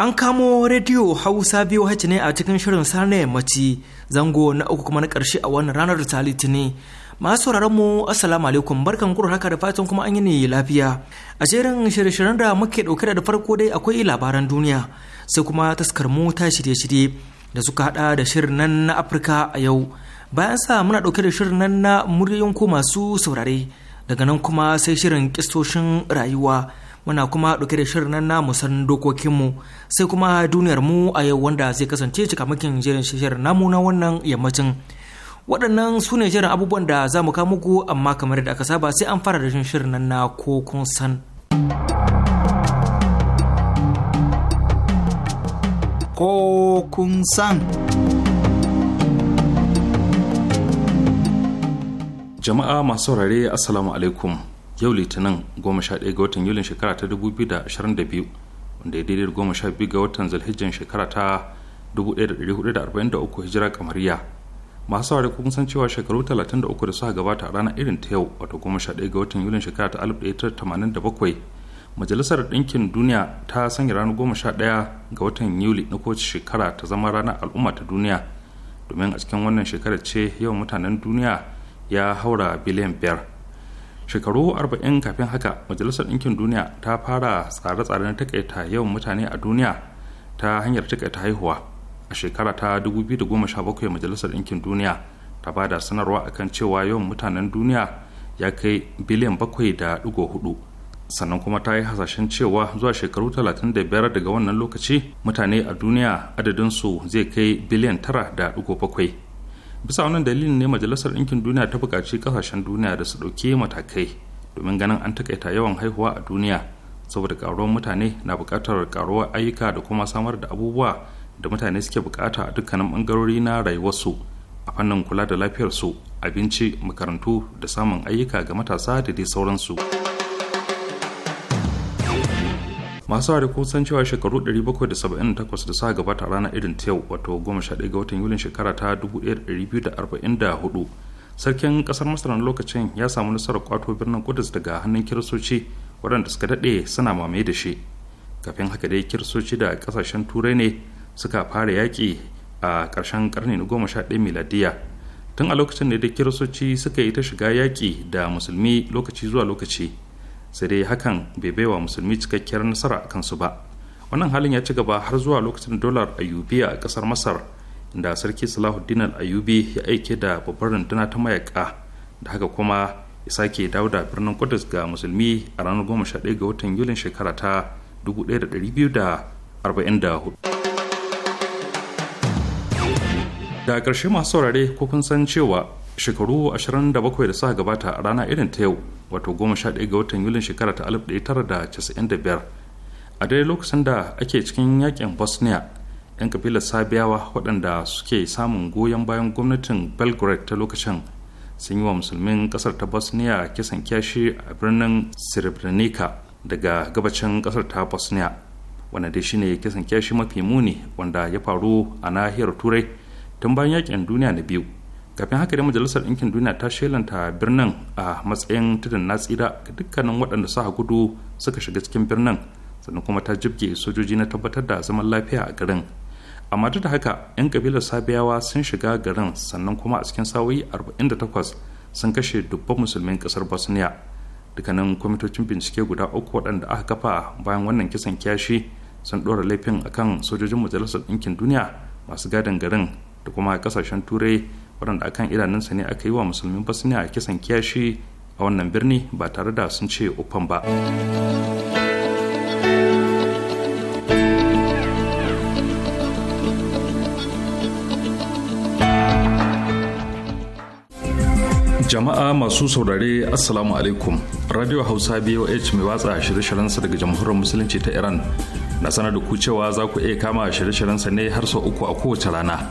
An kamo rediyo Hausa VOH ne a cikin shirin sarne yammaci zango na uku kuma na ƙarshe a wannan ranar ta litini. Masu sauraron mu Assalamu alaikum barkan kuro haka da fatan kuma an yi ne lafiya. A jerin shirye-shiryen da muke ɗauke da farko dai akwai labaran duniya sai kuma taskar mu ta shirye-shirye da suka hada da shirin nan na Afirka a yau. Bayan sa muna ɗauke da shirin nan na muryoyin ku masu saurare daga nan kuma sai shirin kistoshin rayuwa. muna kuma ɗauke da shirin nan namu san dokokinmu sai kuma duniyar mu a yau wanda zai kasance cikamakin jerin shirin namu na wannan yammacin waɗannan su ne shirin abubuwan da za mu kawo muku amma kamar da aka saba sai an fara da shirin nan na ko kun san ko kun san jama'a masu saurare assalamu alaikum yau litinin 11 ga watan yulin shekara ta 2022 wanda ya daidai da 12 ga watan zalhijjan shekara ta 1443 hijira kamariya masu saurari kun san cewa shekaru 33 da suka gabata a ranar irin ta yau wato 11 ga watan yulin shekara ta 1987 majalisar ɗinkin duniya ta sanya ranar 11 ga watan yuli na kowace shekara ta zama ranar al'umma ta duniya domin a cikin wannan shekarar ce yawan mutanen duniya ya haura biliyan biyar shekaru 40 kafin haka majalisar ɗinkin duniya ta fara tsare-tsare na takaita yawan mutane a duniya ta hanyar takaita haihuwa a shekara ta 2017 majalisar ɗinkin duniya ta ba da sanarwa kan cewa yawan mutanen duniya ya kai biliyan 7.4 sannan kuma ta yi hasashen cewa zuwa shekaru 35 daga wannan lokaci mutane a duniya adadinsu zai kai biliyan 9.7 bisa wannan dalilin ne majalisar ɗinkin duniya ta buƙaci ƙasashen duniya da su ɗauki matakai domin ganin an taƙaita yawan haihuwa a duniya saboda ƙaruwar mutane na buƙatar ƙaruwar ayyuka da kuma samar da abubuwa da mutane suke buƙata a dukkanin ɓangarori na rayuwarsu a fannin kula da lafiyarsu abinci makarantu da samun ayyuka ga matasa da dai sauransu. masu hari ko san cewa shekaru 778 da suka gabata ranar irin ta yau wato 11 ga watan yulin shekara ta 1244 sarkin kasar masar na lokacin ya samu nasarar kwato birnin kudus daga hannun kirsoci waɗanda suka daɗe suna mamaye da shi kafin haka dai kirsoci da kasashen turai ne suka fara yaƙi a ƙarshen ƙarni na ɗaya miladiya tun a lokacin da da kirsoci suka yi ta shiga yaƙi da musulmi lokaci zuwa lokaci sai dai hakan bai baiwa musulmi cikakkiyar nasara a kansu ba wannan halin ya ci gaba har zuwa lokacin dolar ayubi a kasar masar inda sarki salahuddin al-ayubi ya aike da babbar runduna ta mayaka da haka kuma ya sake dawo da birnin kudus ga musulmi a ranar goma 11 ga watan yulin shekara ta 1244 da karshe masu saurare ko kun san cewa shekaru ashirin da bakwai da suka gabata a rana irin ta yau wato goma ɗaya ga watan yulin shekara ta alif ɗaya tara da da casa'in biyar a dai lokacin da ake cikin yakin bosnia 'yan kabilar sabiyawa waɗanda suke samun goyon bayan gwamnatin belgrade ta lokacin sun yi wa musulmin ƙasar ta bosnia kisan kyashi a birnin srebrenica daga gabacin ƙasar ta bosnia wanda dai shine kisan kyashi mafi muni wanda ya faru a nahiyar turai tun bayan yakin duniya na biyu kafin haka dai majalisar ɗinkin duniya ta shelanta birnin a matsayin tudun na tsira ga dukkanin waɗanda suka gudu suka shiga cikin birnin sannan kuma ta jibge sojoji na tabbatar da zaman lafiya a garin amma duk da haka 'yan kabilar sabiyawa sun shiga garin sannan kuma a cikin sawoyi 48 sun kashe dubban musulmin kasar bosnia dukkanin kwamitocin bincike guda uku waɗanda aka kafa bayan wannan kisan kyashi sun ɗora laifin akan sojojin majalisar ɗinkin duniya masu gadin garin da kuma kasashen turai waɗanda akan idanunsa ne aka yi wa musulmin bosnia kisan kiyashi a wannan birni ba tare da sun ce uffan ba jama'a masu saurare assalamu alaikum radio hausa boh mai watsa shirye-shiryensa daga jamhuriyar musulunci ta iran na sanar da ku cewa za ku iya kama shirye-shiryensa ne har sau uku a kowace rana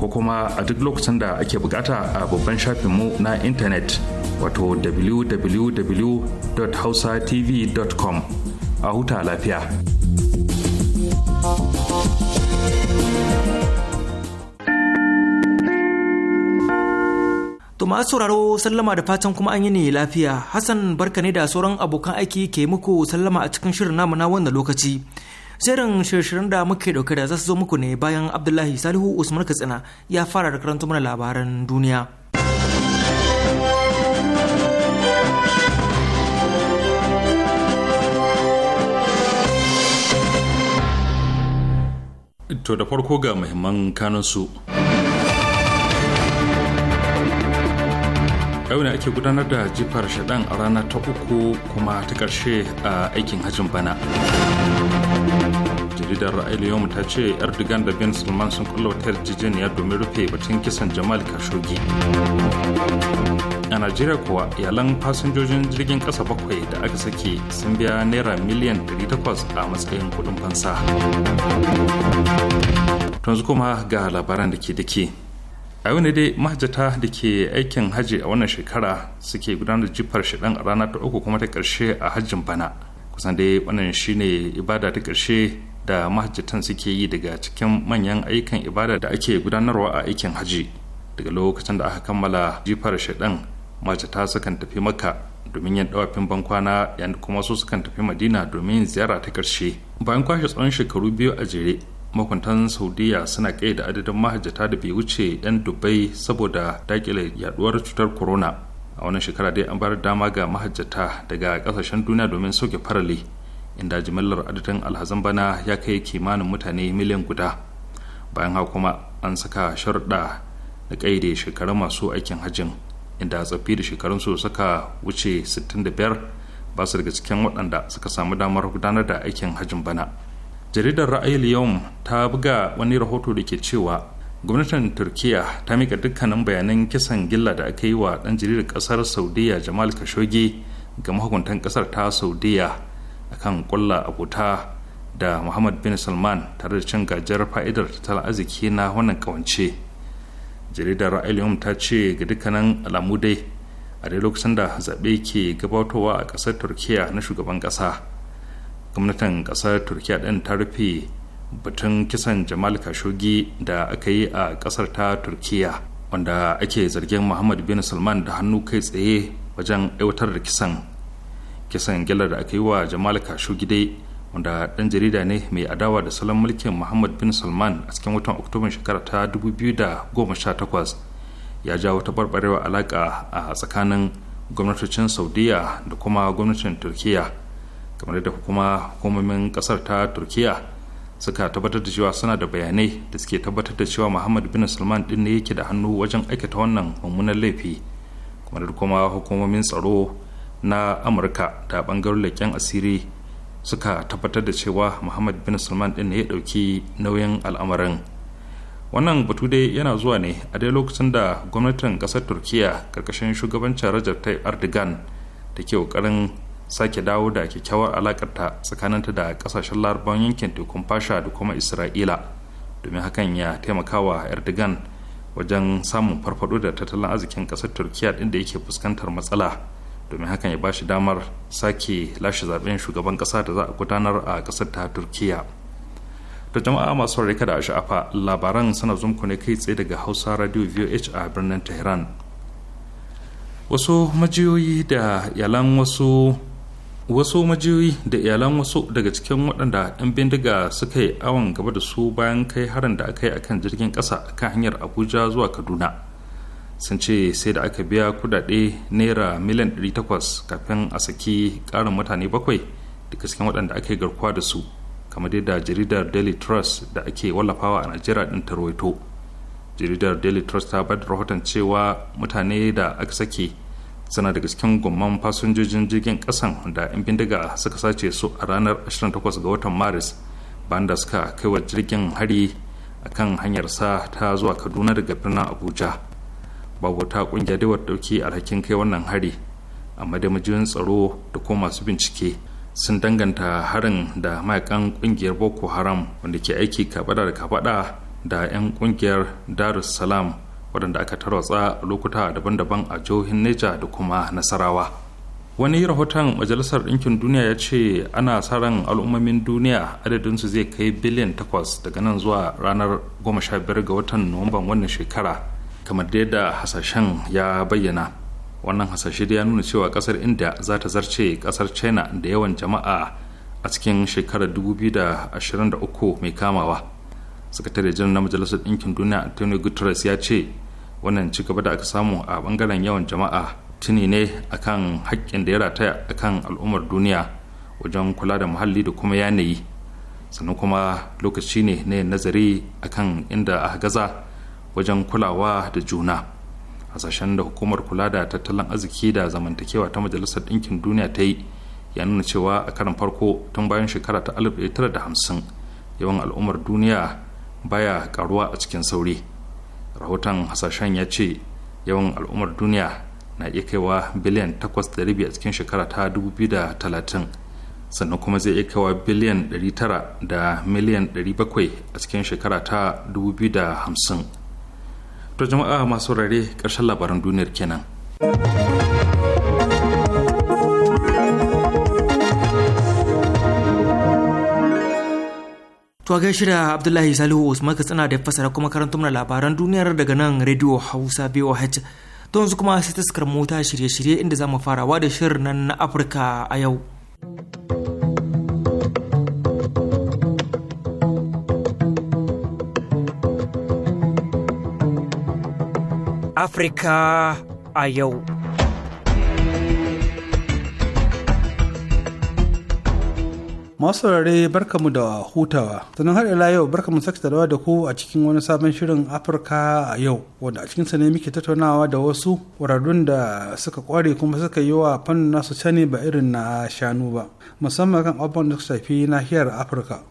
ko kuma a duk lokacin da ake bukata a babban shafinmu na intanet wato www.hausatv.com a huta lafiya. Tuma sauraro sallama da fatan kuma an yi ne lafiya Hassan barka ne da sauran abokan aiki ke muku sallama a cikin shirin namu na wannan lokaci. jerin shirin da muke dauke da zasu zo muku ne bayan abdullahi salihu usman katsina ya fara da karanta mana labaran duniya to da farko ga muhimman kanunsu yau ne ake gudanar da jifar shaɗan a rana ta uku kuma ta ƙarshe a aikin hajjin bana jaridar ra'ayi yau ta ce erdogan da bin salman sun kulla wata yarjejeniya domin rufe batun kisan jamal khashoggi a najeriya kuwa iyalan fasinjojin jirgin kasa bakwai da aka sake sun biya naira miliyan 800 a matsayin kudin fansa tunzu kuma ga labaran da ke dake a yau ne dai mahajjata da ke aikin hajji a wannan shekara suke gudanar jifar shidan a rana ta uku kuma ta karshe a hajjin bana kusan dai wannan shine ibada ta karshe da mahajjatan suke yi daga cikin manyan aikin ibada da ake gudanarwa a aikin haji daga lokacin da aka kammala jifar shaɗan mahajjata sukan tafi maka domin yin dawafin bankwana yan kuma su sukan tafi madina domin ziyara ta karshe bayan kwashe tsawon shekaru biyu a jere makuntan saudiya suna kai da adadin mahajjata da bai wuce 'yan dubai saboda dakile yaduwar cutar corona a wannan shekara dai an bar dama ga mahajjata daga kasashen duniya domin sauke farale inda jimillar adadin alhazan bana ya kai kimanin mutane miliyan guda bayan haka kuma an saka sharuɗa da ƙaide shekarun masu aikin hajjin inda tsaffi da shekarunsu suka wuce 65 ba su daga cikin waɗanda suka samu damar gudanar da aikin hajjin bana jaridar ra'ayil yawm ta buga wani rahoto da ke cewa gwamnatin turkiya ta mika dukkanin bayanan kisan gilla da aka yi wa ɗan jaridar ƙasar saudiya jamal khashoggi ga mahukuntan ƙasar ta saudiya akan kulla abota da muhammad bin salman tare da cin gajiyar fa'idar tattalin arziki na wannan kawance jaridar ra'ayin ta ce ga dukkanin alamu dai a dai lokacin da zaɓe ke gabatowa a ƙasar turkiya na shugaban ƙasa gwamnatin ƙasar turkiya ɗin ta rufe batun kisan jamal kashogi da aka yi a ƙasar ta turkiya wanda ake zargin muhammad bin salman da hannu kai tsaye wajen aiwatar da kisan kisan gillar da aka yi wa jamal kashu dai wanda dan jarida ne mai adawa da salon mulkin muhammad bin salman a cikin watan oktoban shekara ta 2018 ya ja wata barbarewa alaka a tsakanin gwamnatocin saudiya da kuma gwamnatin turkiya kamar da kuma hukumomin kasar ta turkiya suka tabbatar da cewa suna da bayanai da suke tabbatar da cewa muhammad bin salman din ne yake da hannu wajen aikata wannan mummunan laifi kamar da kuma hukumomin tsaro na amurka da ɓangaren leƙen asiri suka tabbatar da cewa muhammad bin salman ɗin ne ya ɗauki nauyin al'amarin wannan batu dai yana zuwa ne a dai lokacin da gwamnatin ƙasar turkiya ƙarƙashin shugabancin rajab tayyip ardigan da ke ƙoƙarin sake dawo da kyakkyawar alakarta tsakaninta da ƙasashen larabawan yankin tekun fasha da kuma isra'ila domin hakan ya taimakawa erdogan wajen samun farfaɗo da tattalin arzikin ƙasar turkiya ɗin da yake fuskantar matsala domin hakan ya ba shi damar sake lashe zaben shugaban kasa da za a gudanar a kasar ta turkiya da jama'a masu rika a sha'afa labaran sana zumku ne kai tsaye daga hausa radio voh a birnin tehran wasu majiyoyi da iyalan wasu wasu majiyoyi da iyalan wasu daga cikin waɗanda 'yan bindiga suka yi awon gaba da su bayan kai harin da aka yi akan jirgin ƙasa kan hanyar abuja zuwa kaduna sun ce sai da aka biya kudade naira miliyan 800 kafin a saki karin mutane bakwai da cikin waɗanda aka yi garkuwa da su kamar da jaridar daily trust da ake wallafawa a najeriya ɗin tarwaito jaridar daily trust ta bada rahoton cewa mutane da aka sake suna daga cikin gomman fasinjojin jirgin ƙasan da 'yan bindiga suka sace su a ranar 28 ga watan maris bayan da suka kaiwa jirgin hari akan sa ta zuwa kaduna daga birnin abuja babu ta kungiyar da wadda dauki alhakin kai wannan hari amma da majiyoyin tsaro da kuma masu bincike sun danganta harin da mayakan kungiyar boko haram wanda ke aiki kabada da kabada da 'yan kungiyar darus salam waɗanda aka tarwatsa lokuta daban-daban a jihohin neja da kuma nasarawa wani rahoton majalisar ɗinkin duniya ya ce ana sa ran al'ummomin duniya adadinsu zai kai biliyan takwas daga nan zuwa ranar 15 ga watan nuwamban wannan shekara kamar da yadda hasashen ya bayyana wannan hasashe ya nuna cewa kasar india za ta zarce kasar china da yawan jama'a a cikin shekarar 2023 mai kamawa sakatare janar na majalisar ɗinkin duniya antonio guterres ya ce wannan ci gaba da aka samu a bangaren yawan jama'a tuni ne akan haƙƙin da ya rataya kan al'ummar duniya wajen kula da muhalli da kuma yanayi sannan kuma lokaci ne na nazari akan inda a gaza wajen kulawa da juna hasashen da hukumar kula da tattalin arziki da zamantakewa ta majalisar ɗinkin duniya ta yi ya nuna cewa a karin farko tun bayan shekara ta 1950 yawan al'ummar duniya baya karuwa a cikin sauri rahoton hasashen ya ce yawan al'ummar duniya na iya kaiwa biliyan 8.5 a cikin shekara ta 2030 sannan kuma zai iya kaiwa biliyan 900 da miliyan 700 a cikin shekara ta 2050 to jama'a masu rare ƙarshen labaran duniyar kenan To a Abdullahi Salihu Usman tsana da ya fasara kuma karanta mana labaran duniyar daga nan Radio Hausa BOH. To yanzu kuma sai taskar mota shirye-shirye inda za mu farawa da shirin nan na Afirka a yau. Afirka a yau. Masu rare barkamu da hutawa, sannan har ila yau barkamu sake tarawa da ku a cikin wani sabon shirin Afirka a yau, wanda a cikinsa ne muke tattaunawa da wasu wuraren da suka kware kuma suka yi wa fannin nasu cani ba irin na shanu ba, musamman kan abubuwan da suka shafi nahiyar Afirka.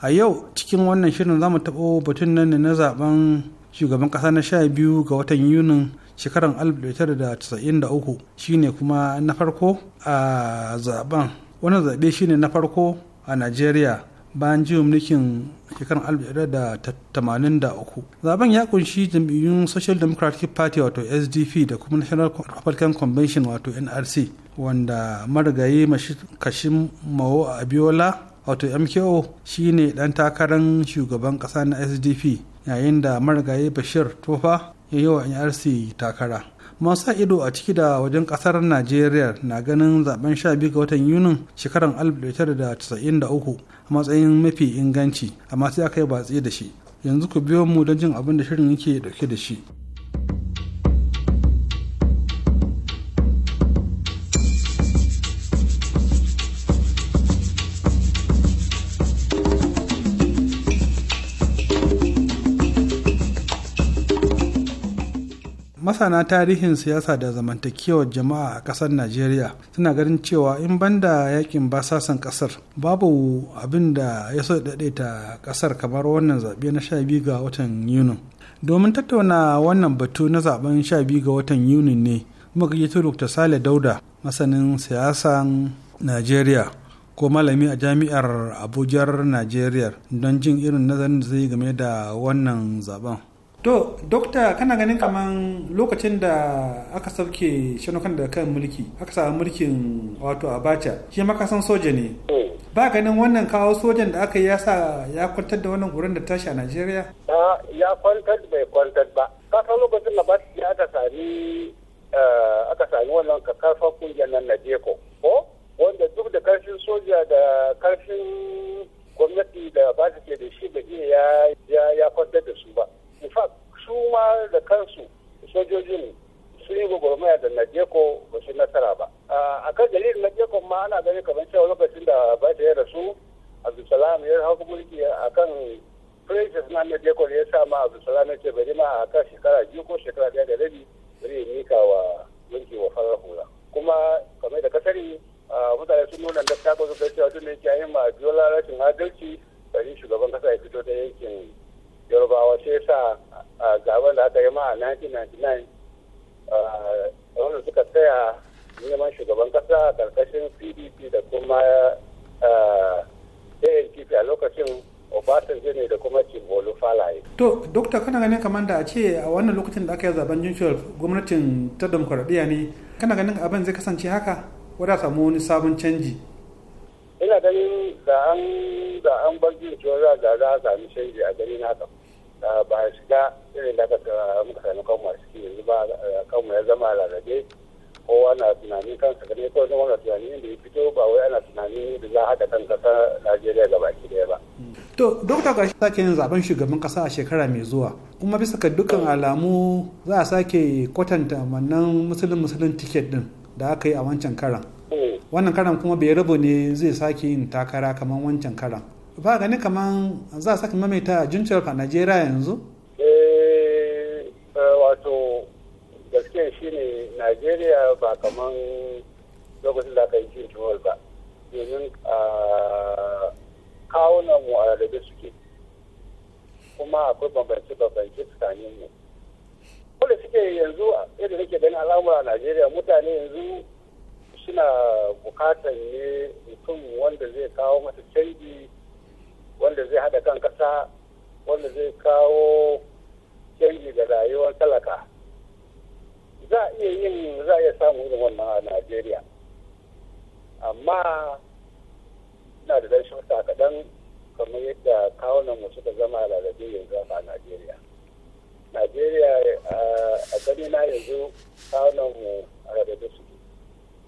A yau cikin wannan shirin za mu taɓo batun nan ne na zaben shugaban kasa na sha biyu ga watan yunin shekarar 1993 shine kuma na farko a zaben wannan zaɓe shine na farko a najeriya bayan jiwon mulkin shekarar 1983 zaben ya kunshi jam'iyyun social democratic party wato sdp da kuma national republican convention wato nrc wanda marigayi kashin mawo a abiola wato mko shine dan takarar shugaban kasa na sdp yayin da marigayi bashir tofa ya yi wa nrc takara masu ido a ciki da wajen kasar najeriya na ganin zaben 12 ga watan yunin shekarar 1993 a matsayin mafi inganci amma sai aka yi batsi da shi yanzu ku biyo mu don jin abin da shirin yake dauke da shi masana tarihin siyasa da zamantakewar jama'a a ƙasar najeriya suna ganin cewa in banda yakin basasan ƙasar babu abin da ya so daɗaita ƙasar kamar wannan zaɓe na biyu ga watan yunin domin tattauna wannan batu na zaben biyu ga watan yunin ne kuma muka gayyato dr sale dauda masanin siyasan najeriya ko malami a jami'ar abujar najeriya don jin irin nazarin da zai game da wannan zaben to dokta kana ganin kaman lokacin da aka sauke shanukan da kan mulki aka samu mulkin wato abacha shi makasan soja ne eh. ba ganin wannan kawo sojan da aka ya sa ya kwantar da wannan gurin da tashi a nigeria ya kwantar bai kwantar ba kasan lokacin da ba aka sami eh, aka sami wannan kakafa kungiyar nan na jeko ko wanda duk da karfin soja da karfin gwamnati da ba su ke da shi da iya ya kwantar da su ba in fact su ma da kansu sojojin sun yi gwagwarmaya da najeko ba su nasara ba a kan dalilin najeko ma ana gani kamar cewa lokacin da ba ta ya rasu abdulsalam ya hau mulki a kan princess na najeko ya sa ma abdulsalam ya ce bari ma a kan shekara biyu ko shekara biyar da rabi bari ya mika wa yanki wa farar hula kuma kamar da kasari mutane sun nuna da ta kwazo da cewa tun da yake yin ma biyola rashin adalci bari shugaban kasa ya fito da yankin yorubawa shi sa a gaban da aka yi ma a 1999 wanda suka tsaya neman shugaban kasa a karkashin pdp da kuma anpp a lokacin obasanjo ne da kuma cimbolu falaye to dokta kana ganin kamar da a ce a wannan lokacin da aka yi zaben jun gwamnatin ta demokuraɗiyya ne kana ganin abin zai kasance haka wadda samu wani sabon canji ina ganin da an da an bar jun za a sami canji a ganin haka ba a shiga irin da muka sami kanmu a ciki yanzu ba a kanmu ya zama rarrabe kowa na tunanin kansa gane ko wani wanda tunani inda ya fito ba wai ana tunanin da za haɗa kan ƙasar Najeriya gaba baki ɗaya ba. To, Dokta ga sake yin zaben shugaban ƙasa a shekara mai zuwa, kuma bisa ka dukkan alamu za a sake kwatanta wannan musulun musulun tiket din da aka yi a wancan karan. Hmm. Wannan karan kuma bai rabu ne zai sake yin takara kamar wancan karan. ba gani kaman za a saka mamaita juntar a najeriya yanzu eh, eh wato gaskiya shine najeriya ba kaman lokacin da aka yi juntar ba domin kawunan mu a rabe suke kuma akwai bambance-bambance tsakanin mu wanda suke yanzu yadda nake ganin al'amura a najeriya mutane yanzu suna bukatar ne mutum wanda zai kawo masa canji wanda zai hada kan kasa wanda zai kawo canji da rayuwar talaka za a iya yin za a iya samu irin wannan a najeriya amma na da dan shota kaɗan kamar yadda kawunan mu suka zama a lalabe yanzu a najeriya najeriya a gani na yanzu kawunan mu a lalabe suke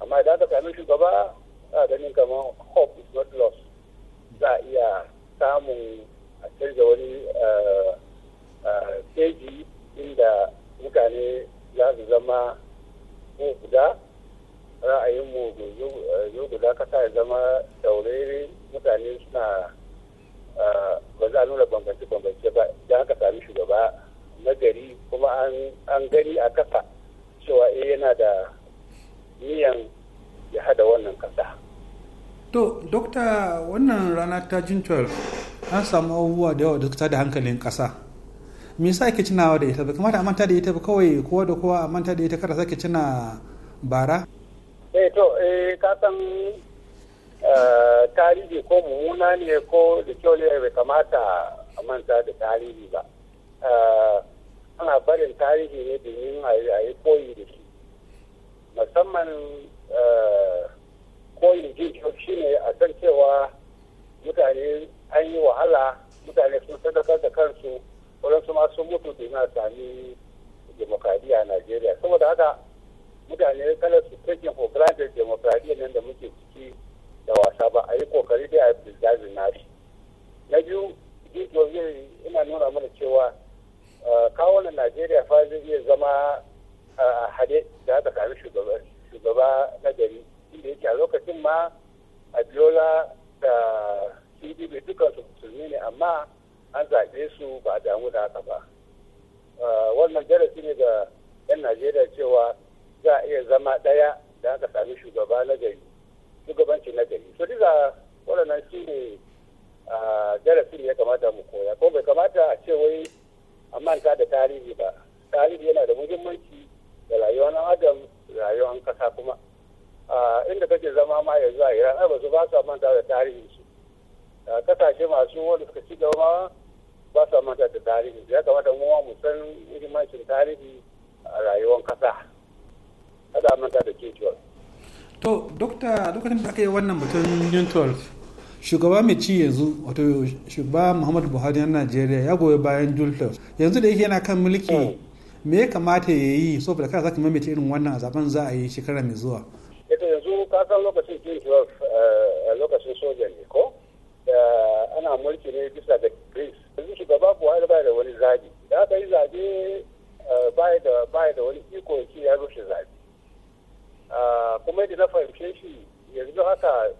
amma idan aka sami shugaba a ganin kamar hope is not lost za a iya samun a canza wani eh, eh, keji inda mutane za su zama mu guda ra'ayinmu yau guda kasa ya zama daurere mutane suna eh, ba za a nuna bambance-bambance ba idan haka sami shugaba na gari kuma an gani a kasa cewa eh yana da niyan ya hada wannan kasa. to dokta wannan rana ta jin 12 an samu abubuwa da yawa da da hankalin kasa me yasa ake tunawa da ita ba kamata a manta da ita ba kawai kowa da kowa a manta da ita kada sake tuna bara eh to eh ka san eh, tarihi ko mummuna ne ko da kyau ne bai kamata a manta da tarihi ba eh, ana barin tarihi ne domin a yi koyi da shi musamman eh, koyin jijiyo shine a kan cewa mutane an yi wahala mutane sun sadakar da kansu waɗansu su masu mutu da yana sami demokradiyya a najeriya saboda haka mutane kala su take for granted demokradiyya nan da muke ciki da wasa ba a yi kokari da a preserve nashi na biyu jijiyoyi ina nuna mana cewa kawo na najeriya fa zai iya zama a hade da aka kami shugaba na gari inda yake a lokacin ma a abiola da cdb dukansu musulmi ne amma an zaɓe su ba a damu da haka ba ah, wannan darasi ne ga 'yan najeriya cewa za a iya zama ɗaya da aka sami shugaba na gari shugabanci na gari so duka waɗannan shi ne ah, ne ya kamata mu koya ko bai kamata a ce wai a manta da tarihi ba tarihi yana da muhimmanci da rayuwar adam rayuwar kasa kuma inda kake zama ma yanzu a iran ai basu ba sa manta da tarihin su kasashe masu wanda suka ci gaba ba sa manta da tarihi ya kamata mu ma mu san muhimmancin tarihi a rayuwar kasa kada manta da ke 12 to dokta lokacin da aka yi wannan batun june shugaba mai ci yanzu wato shugaba muhammadu buhari na najeriya ya goyi bayan june yanzu da yake yana kan mulki hmm. me ya kamata ya yi saboda kada za ka maimaita irin wannan a zaben za a yi shekara mai zuwa ita yanzu ka san lokacin june 12 lokacin soja ne ko ana mulki ne bisa da greece yanzu shugaba buhari bai da wani zabi da aka yi zabe bai da wani iko yake ya rushe zabe kuma yadda na fahimce shi yanzu haka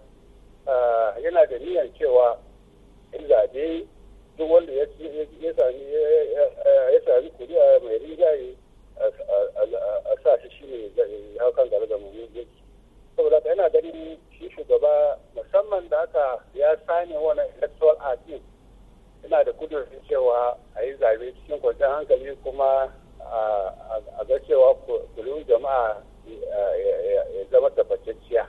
yana da niyan cewa zabe duk wanda ya sami a mai rinjaye a sa shi shi ne kan gare da mu saboda da yana ganin shi shugaba musamman da aka ya sani wani electoral act yana da kudurin cewa a yi zabe cikin kwanciyar hankali kuma a ga cewa kulun jama'a ya zama tabbatacciya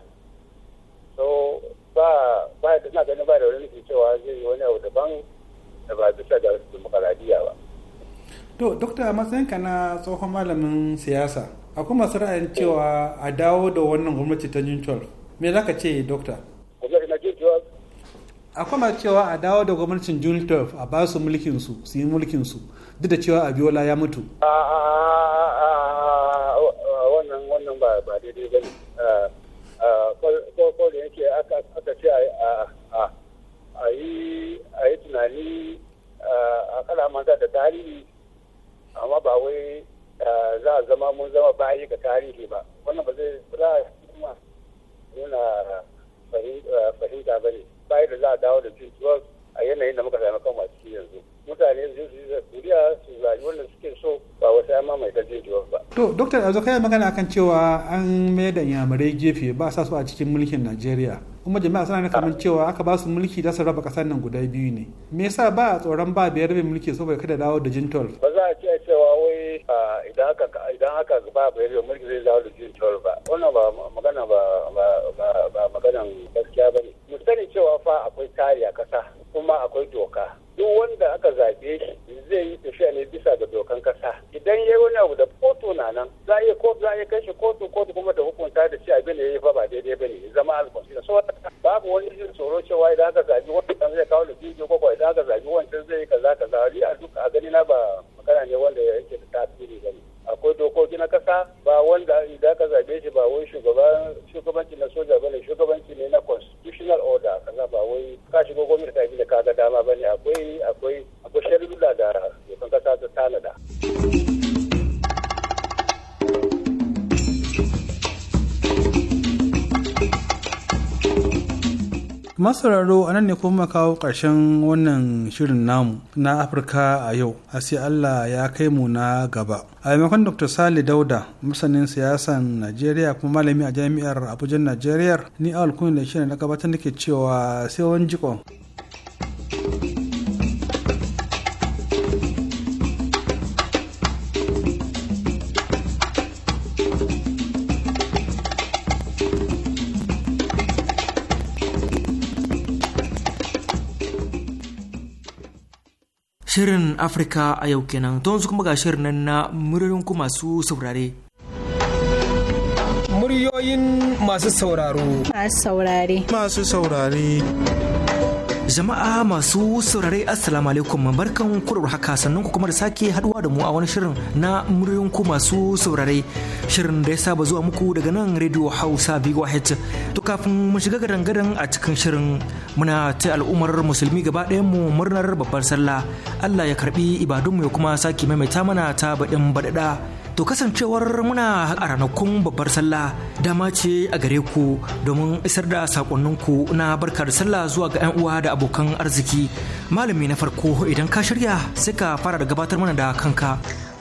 so ba ba da na ganin ba da wani nufi cewa zai yi wani abu daban da ba bisa ga demokaradiyya ba to dokta matsayinka na tsohon malamin siyasa akwai masu ra'ayin cewa a dawo da wannan gwamnati ta jin 12 me za ka ce dokta akwai masu cewa a dawo da gwamnatin jun 12 a ba su mulkin su su yi mulkin su duk da cewa abiola ya mutu wannan wannan ba ba daidai ba ne ko da yake aka ce a yi tunani a kala kalamanta da tarihi amma ba wai za a zama mun zama bayi ga tarihi ba wannan ba zai za a kuma nuna eh, fahimta ba ne bayi da za a dawo da tuwa a yanayin da muka sami kanmu a ciki yanzu mutane su yi da duniya su zaɓi wanda suke so ba wata yamma mai ta jiwar ba. to dokta zaka kai magana kan cewa an mai da yamurai gefe ba sa so a cikin mulkin najeriya kuma jama'a suna na kamar cewa aka ba su mulki za su raba kasar nan guda biyu ne me yasa ba a tsoron ba biyar mai mulki saboda kada dawo da jintol. ba za idan aka idan aka ba yau mulki zai zawo da jin tsoro ba wannan ba magana ba ba ba maganan gaskiya bane mu sani cewa fa akwai tari a kasa kuma akwai doka duk wanda aka zabe shi zai yi tafiya ne bisa ga dokan kasa idan yayi wani abu da kotu na nan za a kotu za a kai shi kotu kotu kuma da hukunta da shi abin da ya yi fa ba daidai ba ne zama alƙwasi da sauran babu wani masararo anan ne kuma kawo ƙarshen wannan shirin namu na afirka a yau a sai allah ya kai mu na gaba a maimakon dr sale dauda masanin siyasan najeriya kuma malami a jami'ar abuja najeriya ni alkun da shi na gabatar da ke cewa sai wani jikon Shirin Afirka a yau kenan to yanzu kuma ga shirin nan na muryoyin ku masu saurare. Muryoyin masu sauraro. Masu saurare. Masu saurare. Jama'a masu saurare Assalamu alaikum barkan kurar haka sannan ku kuma da sake haduwa da mu a wani shirin na muryoyin masu saurare shirin da ya saba zuwa muku daga nan Radio Hausa VOH to kafin mu shiga gadan gadan a cikin shirin muna ta al'ummar musulmi gaba ɗayan mu murnar babbar sallah Allah ya karbi ibadunmu ya kuma sake maimaita mana ta baɗin baɗaɗa To kasancewar muna a ranakun babbar sallah dama ce a gare ku domin isar da sakonninku na barkar sallah zuwa ga 'yan uwa da abokan arziki. Malami na farko idan ka shirya sai ka fara da gabatar mana da kanka.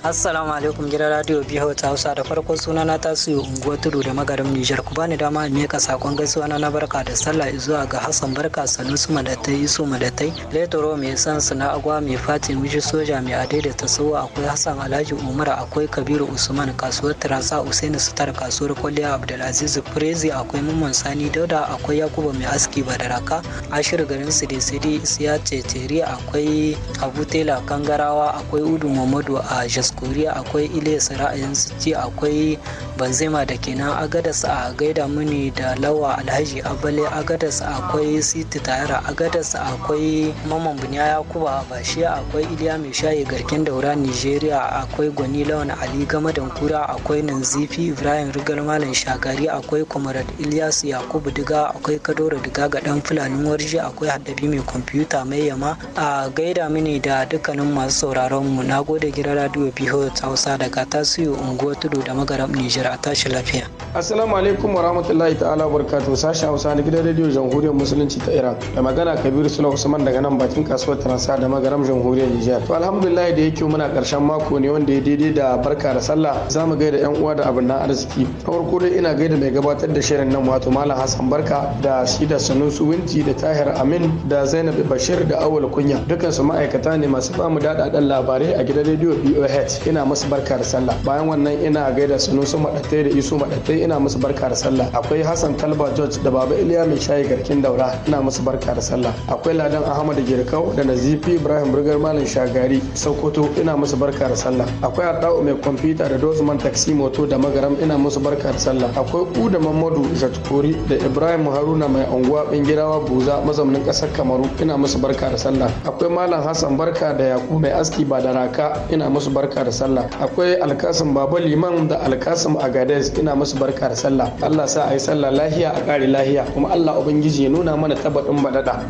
Assalamu alaikum gidan radio biyu ta Hausa da farko suna na tasiri unguwa tudu da magarin Nijar ku bani dama in miƙa sakon gaisuwa na barka da sallah zuwa ga Hassan Barka Sanusi Madatai Isu Madatai Letoro mai san na agwa mai fati miji soja mai adai da tasowa akwai Hassan Alhaji Umar akwai Kabiru Usman kasuwar Tarasa Usaini Sitar kasuwar Kwalliya Abdulaziz Prezi akwai Mamman Sani Dauda akwai Yakubu mai aski Badaraka Ashir garin Sidi Sidi siya Ceceri akwai Abu Tela Kangarawa akwai Udu Mamadu a Jos koriya akwai ilesa ra'ayin su akwai banzema da kenan agadas a gaida mini da lawa alhaji abale agadas akwai siti tayara agadas akwai maman bunya yakuba shi akwai iliya mai shayi garken daura nigeria akwai gwani lawan ali Gama da kura akwai nanzifi ibrahim rigar malam shagari akwai comrade ilyas yakubu diga akwai kadoro diga ga dan fulani warji akwai haddabi mai kwamfuta mai yama a gaida mini da dukkanin masu sauraron mu na gode gidan radio bihot hausa daga tasiri unguwa tudu da magaram nijar nijar a tashi lafiya assalamu alaikum wa rahmatullahi ta'ala barkatu sashen hausa na gidan rediyo jamhuriyar musulunci ta iran da magana kabiru sula usman daga nan bakin kasuwar transa da magaram jamhuriyar nijar to alhamdulillah da yake muna karshen mako ne wanda ya daidai da barka da sallah za mu gaida yan uwa da abin nan arziki na farko dai ina gaida mai gabatar da shirin nan wato malam hassan barka da shi da sanusu winti da tahir amin da zainab bashir da awal kunya dukansu ma'aikata ne masu bamu dan labarai a gidan rediyo boh ina masu barka da sallah bayan wannan ina gaida sanusu maɗatai da isu maɗatai ina musu barka da sallah akwai hassan talba george da baba iliya mai shayi garkin daura ina musu barka da sallah akwai ladan ahmad girkau da nazifi ibrahim burgar malam shagari sokoto ina musu barka da sallah akwai adau mai kwamfuta da dozman taksi moto da magaram ina musu barka da sallah akwai uda mamadu zatkori da ibrahim haruna mai unguwa bingirawa buza mazaunin kasar kamaru ina musu barka da sallah akwai malam hassan barka da yaku mai aski ba da raka ina musu barka da sallah akwai alkasim baba liman da alkasim Agadez ina musu barka da sallah Allah sa a yi sallah lahiya a kare lahiya kuma Allah ubangiji ya nuna mana tabbatin badada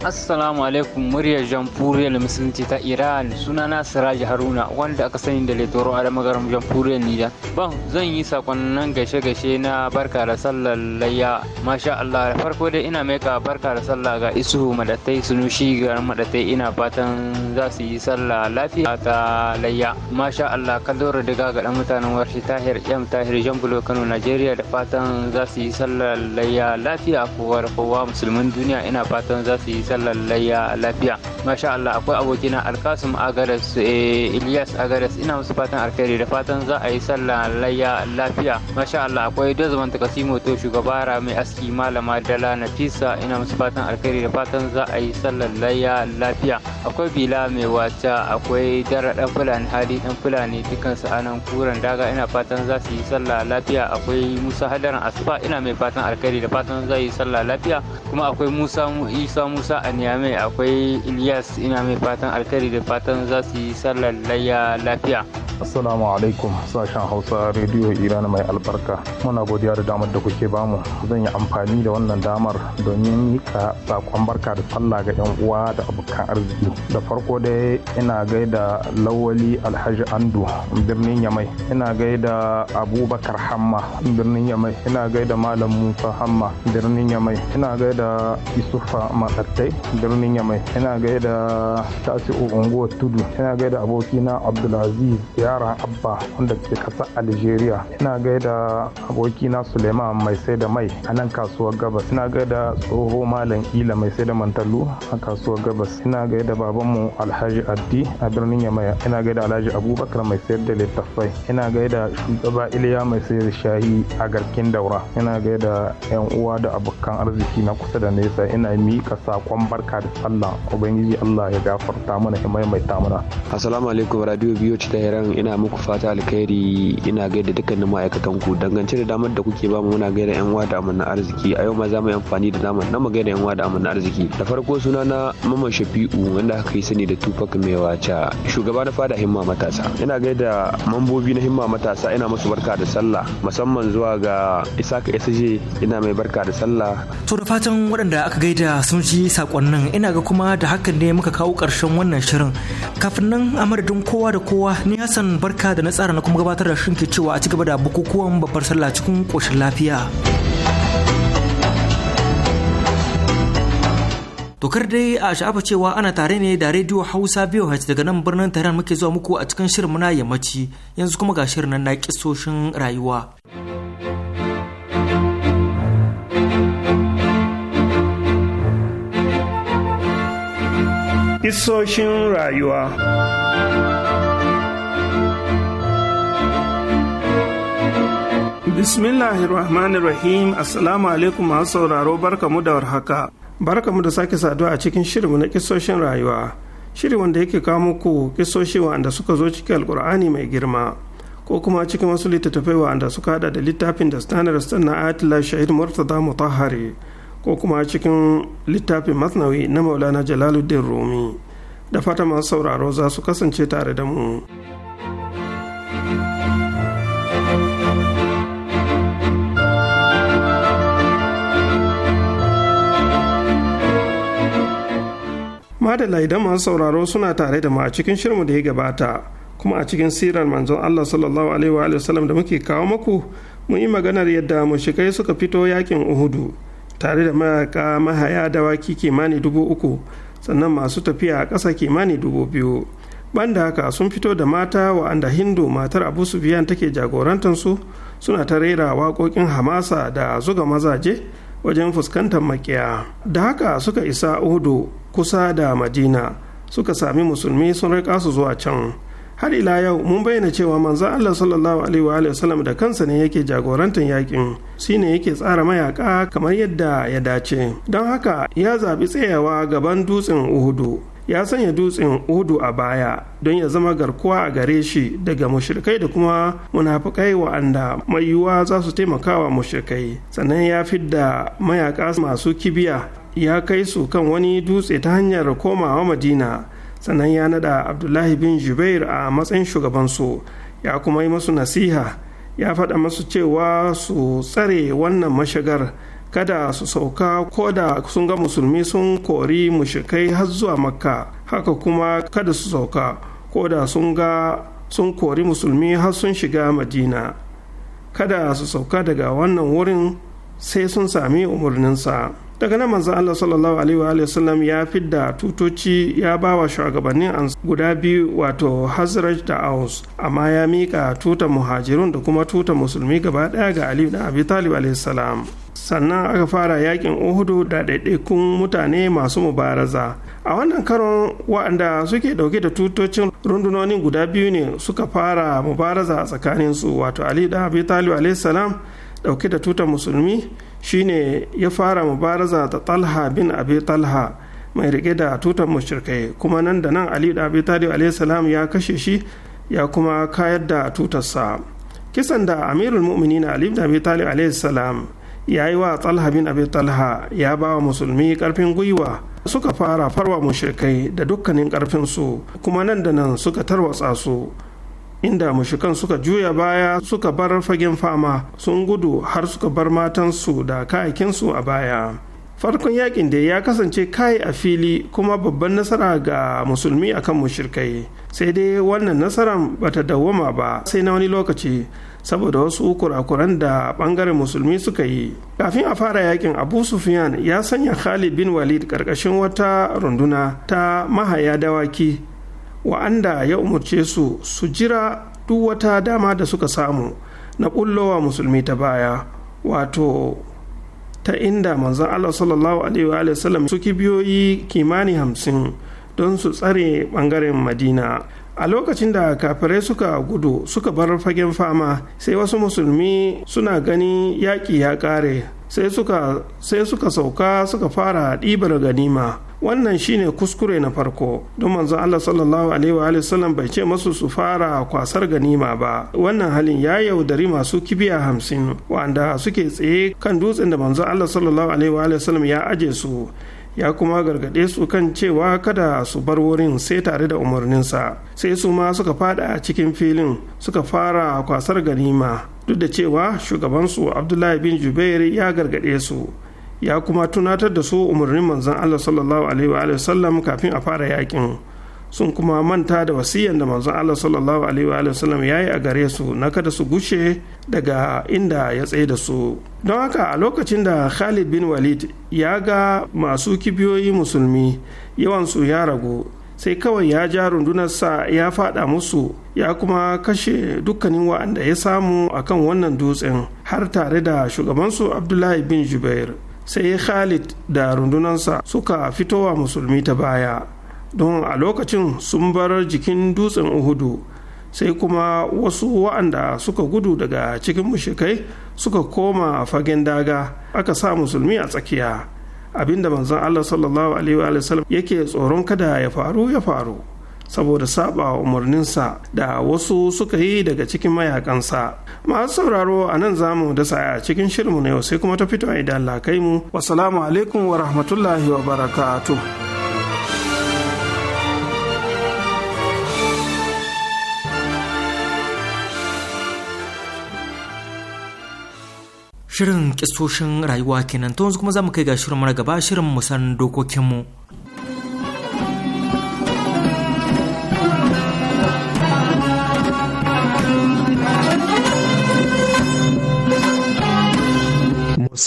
Assalamu alaikum muryar jamhuriyar musulunci ta Iran na Siraji Haruna wanda aka sani da Letoro damar jamhuriyar Nijar. Ban zan yi sakonnan gaishe-gaishe na barka da sallar layya masha Allah da farko dai ina mai ka barka da sallah ga isu Madattai Sunushi ga madatai ina fatan za su yi sallah lafiya ta layya masha Allah zora daga ga dan mutanen warshi Tahir Yam Tahir Jambulo Kano Najeriya da fatan za su yi sallar layya lafiya kowa da kowa musulmin duniya ina fatan za su yi sallar layya lafiya masha Allah akwai abokina Alkasim Agares eh, Ilyas Agares ina musu fatan alkhairi da fatan za a yi sallar layya lafiya masha Allah akwai Dozman Takasimo to shugaba Rami Aski Malama Dala Nafisa ina musu fatan alkhairi da fatan za a yi sallar layya lafiya akwai Bila mai wata akwai Dara dan Fulani Hali dan Fulani dukansu anan kuran daga ina fatan za su yi sallah lafiya akwai Musa Hadaran Asfa ina mai fatan alkhairi da fatan za yi sallah lafiya kuma akwai Musa Isa Musa a Niamey akwai Ilyas ina mai fatan alkhairi da fatan za su yi sallar layya lafiya. Assalamu alaikum sashen Hausa rediyo Iran mai albarka. Muna godiya da damar da kuke bamu. Zan yi amfani da wannan damar domin ka sakon barka da sallah ga 'yan uwa da abokan arziki. Da farko dai ina gaida Lawali Alhaji Andu birnin Yamai. Ina gaida Abubakar Hamma birnin Yamai. Ina gaida Malam Musa Hamma birnin Yamai. Ina gaida Isufa Matsattai Kadore birnin Yamai. Ina gaida Tasi'u Unguwar Tudu. Ina gaida abokina Abdulaziz Yara Abba wanda ke kasa Algeria. Ina gaida abokina Suleiman mai sai da mai a nan kasuwar Gabas. Ina gaida tsoho Malam Ila mai sai da mantallu a kasuwar Gabas. Ina gaida babanmu Alhaji Addi a birnin Yamai. Ina gaida Alhaji Abubakar mai sayar da littattafai. Ina gaida shugaba Iliya mai sayar da shayi a garkin daura. Ina gaida 'yan uwa da abokan arziki na kusa da nesa. Ina miƙa sakon sakon barka da sallah ubangiji Allah ya gafarta mana ya maimaita mana assalamu alaikum radio biyu ta iran ina muku fata alkhairi ina gaida dukkanin ma'aikatan ku dangance da damar da kuke bamu muna gaida yan wada amana arziki a yau ma za mu yi amfani da damar na mu gaida yan wada amana arziki da farko suna na mama shafi'u wanda aka yi sani da tupac mai wacha shugaba na fada himma matasa ina gaida mambobi na himma matasa ina musu barka da sallah musamman zuwa ga isaka sj ina mai barka da sallah to da fatan waɗanda aka gaida sun ci sakonnin ina ga kuma da hakan ne muka kawo ƙarshen wannan shirin kafin nan a madadin kowa da kowa ni hassan barka da na tsara na kuma gabatar da shirin ke cewa a cigaba da bukukuwan babbar sallah cikin ƙoshin lafiya Tokar dai a sha'afa cewa ana tare ne da rediyo Hausa VOH daga nan birnin Tehran muke zuwa muku a cikin shirin na yammaci yanzu kuma ga shirin na kisoshin rayuwa. Hissoshin rayuwa Bismillahirrahmanirrahim Assalamu alaikum masu sauraro barkamu da warhaka. Barkamu da sake saduwa a cikin shirinmu na kisoshin rayuwa. Shiri wanda yake kawo muku kisoshi wanda suka zo cikin alkur'ani mai girma. ko kuma cikin wasu littattafai wanda suka hada da littafin da standard na Ayatollah shahid murtada mutahari ko kuma cikin littafin masnawi na maulana jalaluddin rumi da fata masu sauraro za su kasance tare da mu madala idan masu sauraro suna tare da mu a cikin shirmu da ya gabata kuma a cikin sirar manzon allah sallallahu alaihi wa sallam da muke kawo maku mun yi maganar yadda mushikai suka fito yakin uhudu tare da mayaka mahaya dawaki kimani dubu uku sannan masu tafiya a ƙasa kimani dubu biyu banda haka sun fito da mata wa'anda hindu matar abu sufiyan take jagorantansu suna ta rera waƙoƙin hamasa da zuga mazaje wajen fuskantar makiya da haka suka isa uhudu kusa da madina suka sami musulmi sun riƙa su zuwa can har ila yau mun bayyana cewa manzo Allah sallallahu alaihi wa wasallam da kansa ne yake jagorantar yakin shine yake tsara mayaka kamar yadda ya dace don haka ya zabi tsayawa gaban dutsen Uhudu ya sanya dutsen Uhudu a baya don ya zama garkuwa a gare shi daga mushrikai da kuma munafukai wa'anda mai yiwuwa za su taimakawa mushrikai sannan ya fidda mayaka masu kibiya ya kai su kan wani dutse ta hanyar komawa madina sannan ya nada abdullahi bin jubair a matsayin shugabansu ya kuma yi masu nasiha ya faɗa masu cewa su tsare wannan mashigar kada su sauka ko da sun ga musulmi sun kori mushikai har zuwa makka haka kuma kada su sauka ko da sun ga sun kori musulmi har sun shiga madina kada su sauka daga wannan wurin sai sun sami umarninsa. daga nan manzon Allah sallallahu alaihi wa sallam ya fidda tutoci ya ba wa shugabannin an guda biyu wato Hazraj da Aus amma ya mika tuta muhajirun da kuma tuta musulmi gaba daya ga Ali da Abi Talib alaihi salam sannan aka fara yakin Uhudu da ɗaiɗaikun mutane masu mubaraza a wannan karon waɗanda suke dauke da tutocin rundunonin guda biyu ne suka fara mubaraza a tsakaninsu wato Ali da Abi Talib alaihi salam ɗauke da tutar musulmi shine ya fara mubaraza ta talha bin abi talha mai rike da tutar mushrikai kuma nan da nan ali da abi talib salam ya kashe shi ya kuma kayar da tutarsa kisan da amirul mu'minin ali da abi talib salam ya yi wa talha bin abi talha ya ba wa musulmi karfin gwiwa suka fara farwa mushrikai da dukkanin karfinsu kuma nan da nan suka tarwatsa su inda mushikan suka juya baya suka bar fagen fama sun gudu har suka bar matansu da kayakinsu a baya farkon yakin da ya kasance kai a fili kuma babban nasara ga musulmi akan mushirkai sai dai wannan nasarar bata dawwama ba sai na wani lokaci saboda wasu kurakuran da bangaren musulmi suka yi kafin a fara yakin abu sufyan ya sanya khalid bin walid karkashin wata runduna ta mahaya dawaki wa'anda ya umarce su su jira duk wata dama da suka samu na bullowa musulmi ta baya wato ta inda manzan Allah sallallahu alaihi wa sallam su kibiyoyi kimani hamsin don su tsare ɓangaren madina a lokacin da kafirai suka gudu suka bar fagen fama sai wasu musulmi suna gani yaƙi ya ƙare sai suka sauka suka fara ɗibar ganima wannan shine kuskure na farko don manzo Allah sallallahu alaihi wa sallam bai ce masu su fara kwasar ganima ba wannan halin ya yaudari masu kibiya hamsin wanda suke tsaye kan dutsen da manzo Allah sallallahu alaihi wa sallam ya aje su ya kuma gargaɗe su kan cewa kada su bar wurin sai tare da umarninsa sai su ma suka fada a cikin filin suka fara kwasar ganima duk da cewa shugabansu abdullahi bin jubair ya gargaɗe su ya kuma tunatar da su umarnin manzon Allah sallallahu alaihi wa sallam kafin a fara yakin sun kuma manta da wasiyan da manzon Allah sallallahu alaihi wa sallam yayi a gare su na kada su gushe daga inda ya tsaye da su don haka a lokacin da Khalid bin Walid ya ga masu kibiyoyi musulmi yawan su ya ragu sai kawai ya ja rundunarsa ya fada musu ya kuma kashe dukkanin wa'anda ya samu akan wannan dutsen har tare da shugabansu Abdullahi bin Jubair sai khalid da rundunansa suka fitowa musulmi ta baya don a lokacin sun bar jikin dutsen uhudu sai kuma wasu wa'anda suka gudu daga cikin mushikai suka koma fagen daga aka sa musulmi a tsakiya abinda manzon allah sallallahu alaihi wa sallam yake tsoron kada ya faru ya faru saboda saba umarninsa da wasu suka yi daga cikin mayakansa masu sauraro a nan zamu da saya a cikin shirinmu na yau sai kuma ta fito a idan lakai mu wasalamu alaikum wa rahmatullahi wa barakatu. Shirin kistoshin rayuwa kenan to yanzu kuma za mu kai ga shirin mara gaba shirin musan dokokinmu.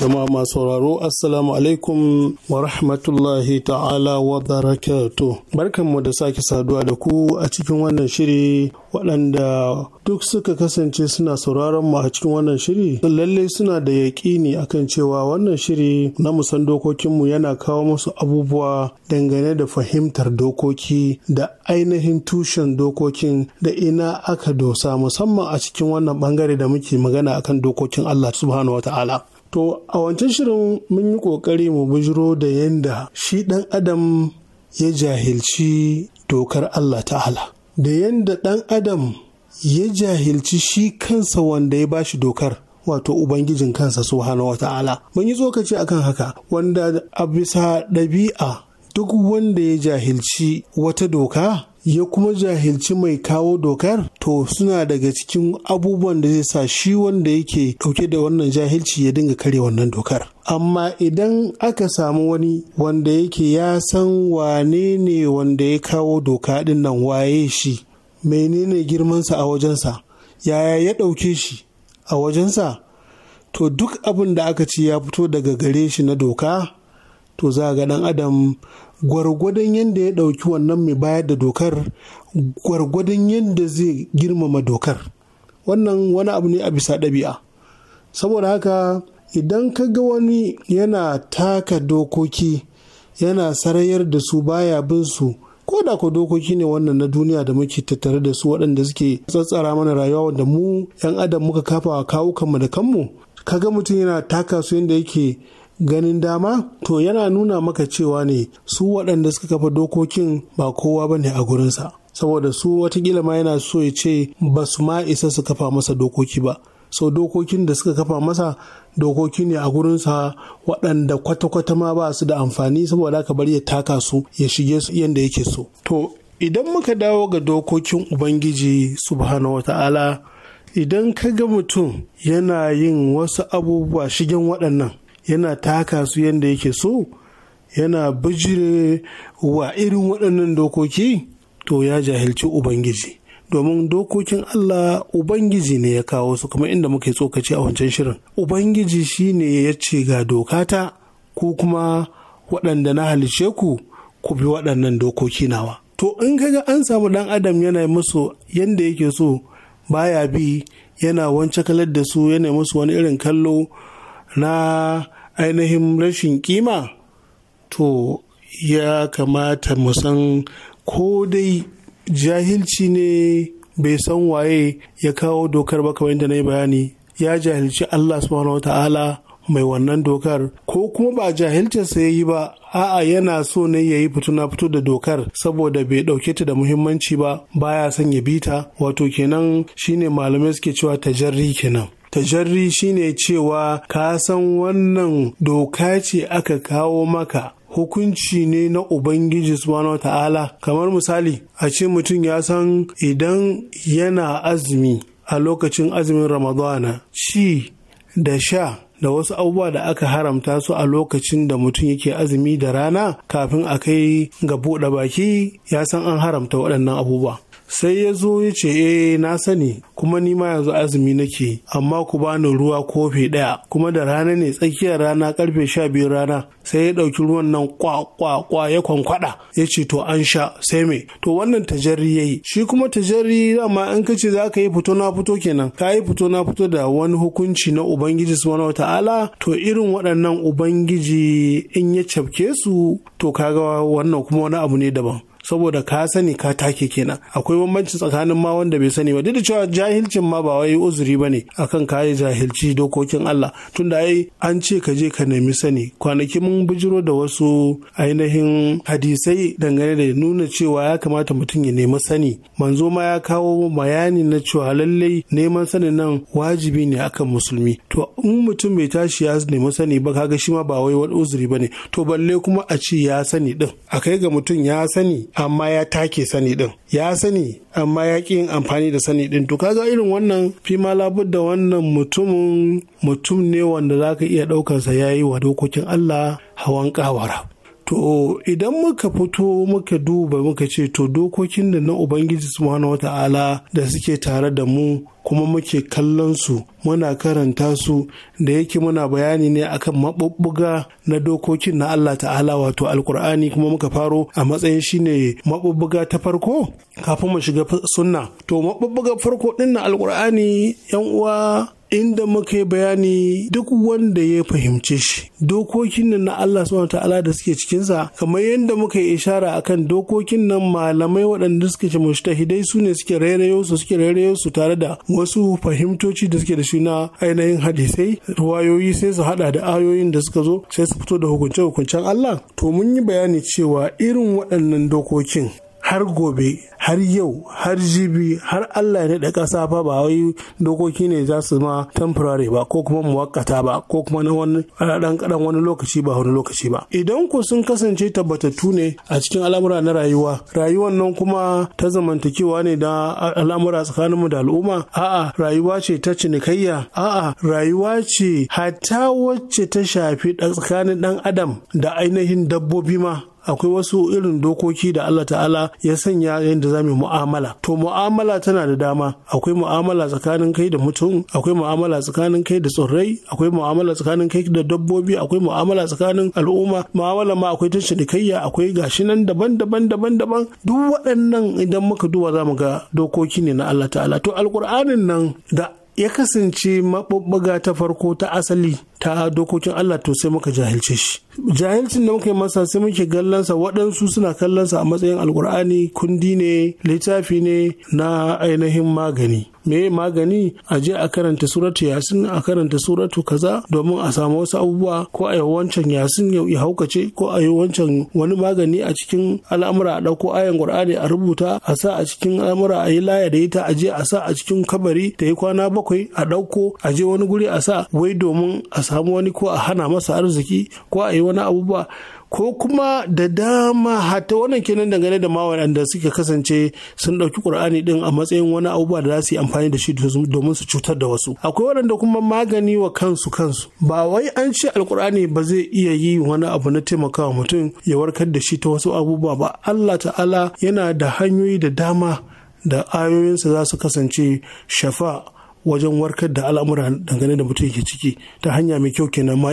jama'a masu sauraro assalamu alaikum wa rahmatullahi ta'ala wa barakatu mu da sake saduwa da ku a cikin wannan shiri waɗanda duk suka kasance suna sauraron mu a cikin wannan shiri lallai suna da yaƙini akan cewa wannan shiri na musan dokokinmu yana kawo musu abubuwa dangane da fahimtar dokoki da ainihin tushen dokokin da ina aka dosa musamman a cikin wannan bangare da muke magana akan dokokin Allah subhanahu wa ta'ala To a wancan shirin mun yi ƙoƙari mu bujiro da yanda shi ɗan adam ya jahilci dokar Allah ta'ala. Da yanda ɗan adam ya jahilci shi kansa wanda ya bashi dokar wato Ubangijin kansa subhanahu wa ta'ala. Mun yi tsokaci akan haka wanda a bisa ɗabi'a duk wanda ya jahilci wata doka ya kuma jahilci mai kawo dokar to suna daga cikin abubuwan da zai sa shi wanda yake dauke da wannan jahilci ya dinga kare wannan dokar amma idan aka samu wani wanda yake ya san wane ne wanda ya kawo doka din nan waye shi menene girmansa a wajensa yaya ya ɗauke shi a wajensa to duk abin da aka ce ya fito daga gare shi na doka to za ga ɗan adam gwargwadon yadda ya ɗauki wannan mai bayar da dokar gwargwadon yadda zai girmama dokar wannan wani abu ne a bisa ɗabi'a saboda haka idan ka ga wani yana taka dokoki yana sarayar da su baya bin su ko da ko dokoki ne wannan na duniya da muke tattare da su waɗanda suke tsatsara mana rayuwa da mu 'yan adam muka kafa wa kawukanmu da kanmu Ka ga mutum yana taka su yadda yake ganin dama to yana nuna maka cewa ne su waɗanda suka kafa dokokin ba kowa ba ne a gurinsa saboda su watakila ma yana so ya ce ba su ma isa su kafa masa dokoki ba sau so, dokokin da suka kafa masa dokoki ne a gurinsa waɗanda kwata-kwata ma ba su da amfani saboda aka bari ya taka su ya shige su yadda yake so to idan muka dawo ga dokokin ubangiji subhanahu wata'ala idan ka ga mutum yana yin wasu abubuwa shigen waɗannan yana taka su yadda yake so yana bijire wa irin waɗannan dokoki to ya jahilci ubangiji domin dokokin Allah ubangiji ne ya kawo su kamar inda muke tsokaci a wancan shirin ubangiji shi ne ya ce ga dokata ko kuma waɗanda na halice ku ku bi waɗannan dokoki nawa to in kaga an samu ɗan adam yana musu yadda yake so baya bi yana wancan kalar da su yana musu wani irin kallo na ainihin rashin kima to ya kamata mu san ko dai jahilci ne bai san waye ya kawo dokar ba kamar yadda na yi bayani ya jahilci Allah subhanahu wata'ala mai wannan dokar ko kuma ba jahilcinsa ya yi ba a'a yana so ne ya yi fituna fito da dokar saboda bai ɗauke ta da muhimmanci ba baya son ya bita. wato kenan shine malamai suke cewa tajarri kenan tajarri shine cewa ka san wannan doka ce aka kawo maka hukunci ne na Ubangiji subhanahu ta'ala kamar misali a ce mutum ya san idan yana azumi a lokacin azumin ramadana ci da sha da wasu abubuwa da aka haramta su a lokacin da mutum yake azumi da rana kafin a kai ga buɗe baki ya san an haramta waɗannan abubuwa sai ya zo ya ce eh na sani kuma ni ma yanzu azumi nake amma ku bani ruwa kofi ɗaya kuma da rana ne tsakiyar rana karfe sha biyu rana sai ya ɗauki ruwan nan kwa ya kwankwada ya ce to an sha sai me to wannan tajarri ya yi shi kuma tajarri dama in ka ce za ka yi fito na fito kenan ka yi fito na fito da wani hukunci na ubangiji subhanahu ta'ala to irin waɗannan ubangiji in ya cafke su to kaga wannan kuma wani abu ne daban saboda ka sani ka take kenan akwai bambanci tsakanin ma wanda bai sani ba duk da cewa jahilcin ma ba wai uzuri bane akan ka yi jahilci dokokin Allah tunda ai an ce ka je ka nemi sani kwanaki mun bijiro da wasu ainihin hadisai dangane da nuna cewa ya kamata mutum ya nemi sani manzo ma ya kawo bayani na cewa lallai neman sanin nan wajibi ne akan musulmi to in mutum bai tashi ya nemi sani ba kaga shi ma ba wai wani uzuri bane to balle kuma a ce ya sani din a kai ga mutum ya sani amma ya take sani din ya sani amma ya ƙi yin amfani da sani din to kaga irin wannan fi ma da wannan mutumin mutum ne wanda zaka iya ɗaukarsa ya yi wa dokokin Allah hawan ƙawara. To idan muka fito muka duba muka ce to dokokin da na Ubangiji subhanahu ta'ala da suke tare da mu kuma muke kallon su muna karanta su da yake muna bayani ne akan maɓuɓɓuga na dokokin na Allah ta'ala wato alkur'ani kuma muka faro a matsayin shine maɓuɓɓuga ta farko kafin mu shiga sunna to maɓuɓɓuga farko ɗin na alkur'ani yan uwa inda muka yi bayani duk wanda ya fahimce shi dokokin nan na Allah subhanahu ta'ala da suke cikinsa kamar yadda muka yi ishara akan dokokin nan malamai waɗanda suke ce mushtahidai su ne suke rairayo su suke rairayo su tare da wasu fahimtoci da suke da shi na ainihin hadisai wayoyi sai su hada da ayoyin da suka zo sai su fito da hukunce hukuncen Allah to mun yi bayani cewa irin waɗannan dokokin har gobe har yau har jibi har allah ne da ƙasa fa ba wai dokoki ne za su ma temporary ba ko kuma muwakkata ba ko kuma na wani ɗan kaɗan wani lokaci ba wani lokaci ba idan ku sun kasance tabbatattu ne a cikin al'amura na rayuwa rayuwar nan kuma ta zamantakewa ne da al'amura tsakanin mu da al'umma a'a rayuwa ce ta cinikayya a'a rayuwa ce hatta wacce ta shafi tsakanin ɗan adam da ainihin dabbobi ma akwai wasu irin dokoki da Allah ta'ala ya sanya yadda za mu mu'amala to mu'amala tana da dama akwai mu'amala tsakanin kai da mutum akwai mu'amala tsakanin kai da tsirrai akwai mu'amala tsakanin kai da dabbobi akwai mu'amala tsakanin al'umma mu'amala ma akwai tashin shirikayya akwai gashi nan daban-daban daban-daban duk waɗannan idan muka duba za mu ga dokoki ne na Allah ta'ala to alƙur'anin nan da ya kasance maɓuɓɓuga ta farko ta asali ta dokokin Allah to sai muka jahilce shi jahilcin da muka yi masa sai muke gallansa waɗansu suna kallonsa a matsayin alkur'ani kundi ne littafi ne na ainihin magani me magani a je a karanta suratu yasin a karanta suratu kaza domin a samu wasu abubuwa ko a yi wancan yasin ya haukace ko a yi wancan wani magani a cikin al'amura a ɗauko ayan qur'ani a rubuta a sa a cikin al'amura a yi laya da ita a je a sa a cikin kabari da yi kwana bakwai a ɗauko a je wani guri a sa wai domin a samu wani ko a hana masa arziki ko a yi wani abubuwa ko kuma da dama hata wannan kenan dangane da ma da suka kasance sun ɗauki ƙur'ani ɗin a matsayin wani abubuwa da za su yi amfani da shi domin su cutar da wasu akwai waɗanda kuma magani wa kansu kansu ba wai an ce alƙur'ani ba zai iya yi wani abu na taimakawa mutum ya warkar da shi ta wasu abubuwa ba Allah ta'ala yana da hanyoyi da dama da ayoyinsa za su kasance shafa wajen warkar da al'amura dangane da mutum ke ciki ta hanya mai kyau kenan ma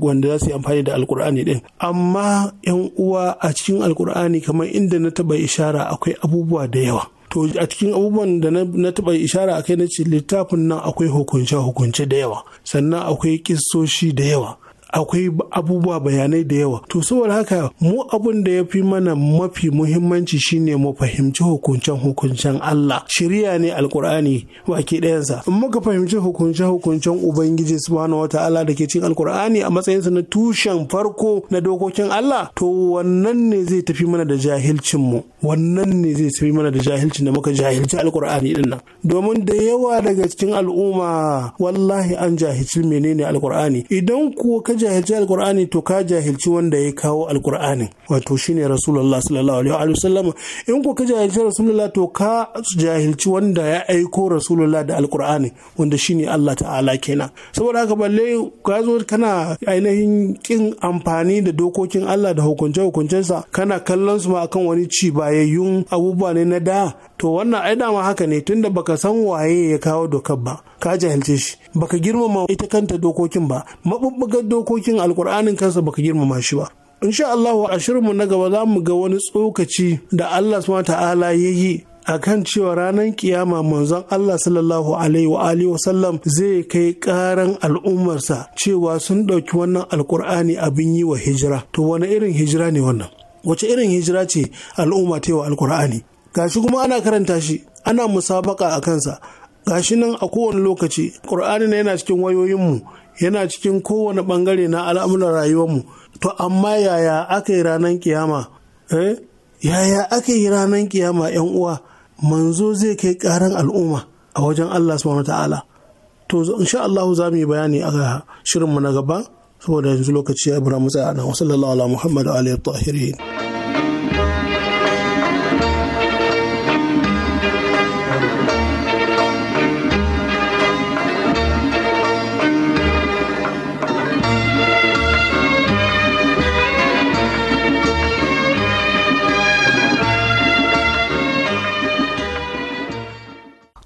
wanda za su yi amfani da alkur'ani din amma yan uwa a cikin alkur'ani kamar inda na taba ishara akwai abubuwa da yawa to a cikin abubuwan da na taba ishara akai na ce littafin nan akwai hukunce hukunce da yawa sannan akwai kissoshi da yawa akwai abubuwa bayanai da yawa to saboda haka mu abun da ya fi mana mafi muhimmanci shine mu fahimci hukuncen hukuncen Allah shirya ne alkur'ani baki ɗayansa in muka fahimci hukuncen hukuncen ubangiji subhanahu wataala da ke cikin alkur'ani a matsayin sa na tushen farko na dokokin Allah to wannan ne zai tafi mana da jahilcin mu wannan ne zai tafi mana da jahilcin da muka jahilci alkur'ani din nan domin da yawa daga cikin al'umma wallahi an jahilci menene alkur'ani idan kuwa ka jahilci alkur'ani to ka jahilci wanda ya kawo alkur'anin wato shine rasulullah sallallahu alaihi wa sallam in ko ka jahilci rasulullah to ka jahilci wanda ya aiko rasulullah da alkur'ani wanda shine Allah ta'ala kenan saboda haka balle ka zo kana ainihin kin amfani da dokokin Allah da hukunce hukuncensa kana kallon su ma akan wani ci bayayyun abubuwa ne na da to wannan ai dama haka ne tunda baka san waye ya kawo dokar ba ka jahilce shi baka girmama ita kanta dokokin ba mabubbugar dokokin alkur'anin kansa baka girmama shi ba insha Allah a shirinmu na gaba za mu ga wani tsokaci da Allah subhanahu ta'ala ya yi a kan cewa ranar kiyama manzon Allah sallallahu alaihi wa alihi wasallam zai kai karan al'ummarsa cewa sun ɗauki wannan alkur'ani abin yi wa hijira to wani irin hijira ne wannan wace irin hijira ce al'umma ta yi wa alkur'ani gashi kuma ana karanta shi ana musabaka a kansa gashi nan a kowane lokaci ƙur'ani na yana cikin wayoyinmu yana cikin kowane ɓangare na al'amuran rayuwarmu to amma yaya aka yi ranar kiyama eh? yaya aka yi ranar kiyama yan uwa manzo zai kai ƙaran al'umma a wajen Allah subhanahu ta'ala to insha Allah za mu yi bayani a shirinmu na gaba saboda yanzu lokaci ya bura mu nan sallallahu ala muhammad wa alihi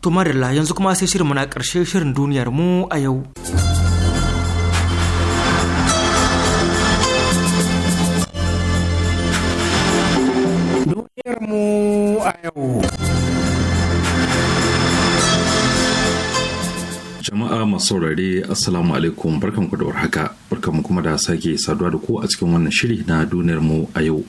To marilla yanzu kuma sai shirin muna ƙarshe shirin duniyar mu a yau. Duniyar mu a yau. Jama'a masu saurare Assalamu alaikum barkanku da warhaka mu kuma da sake saduwa da ku a cikin wannan shiri na duniyar mu a yau.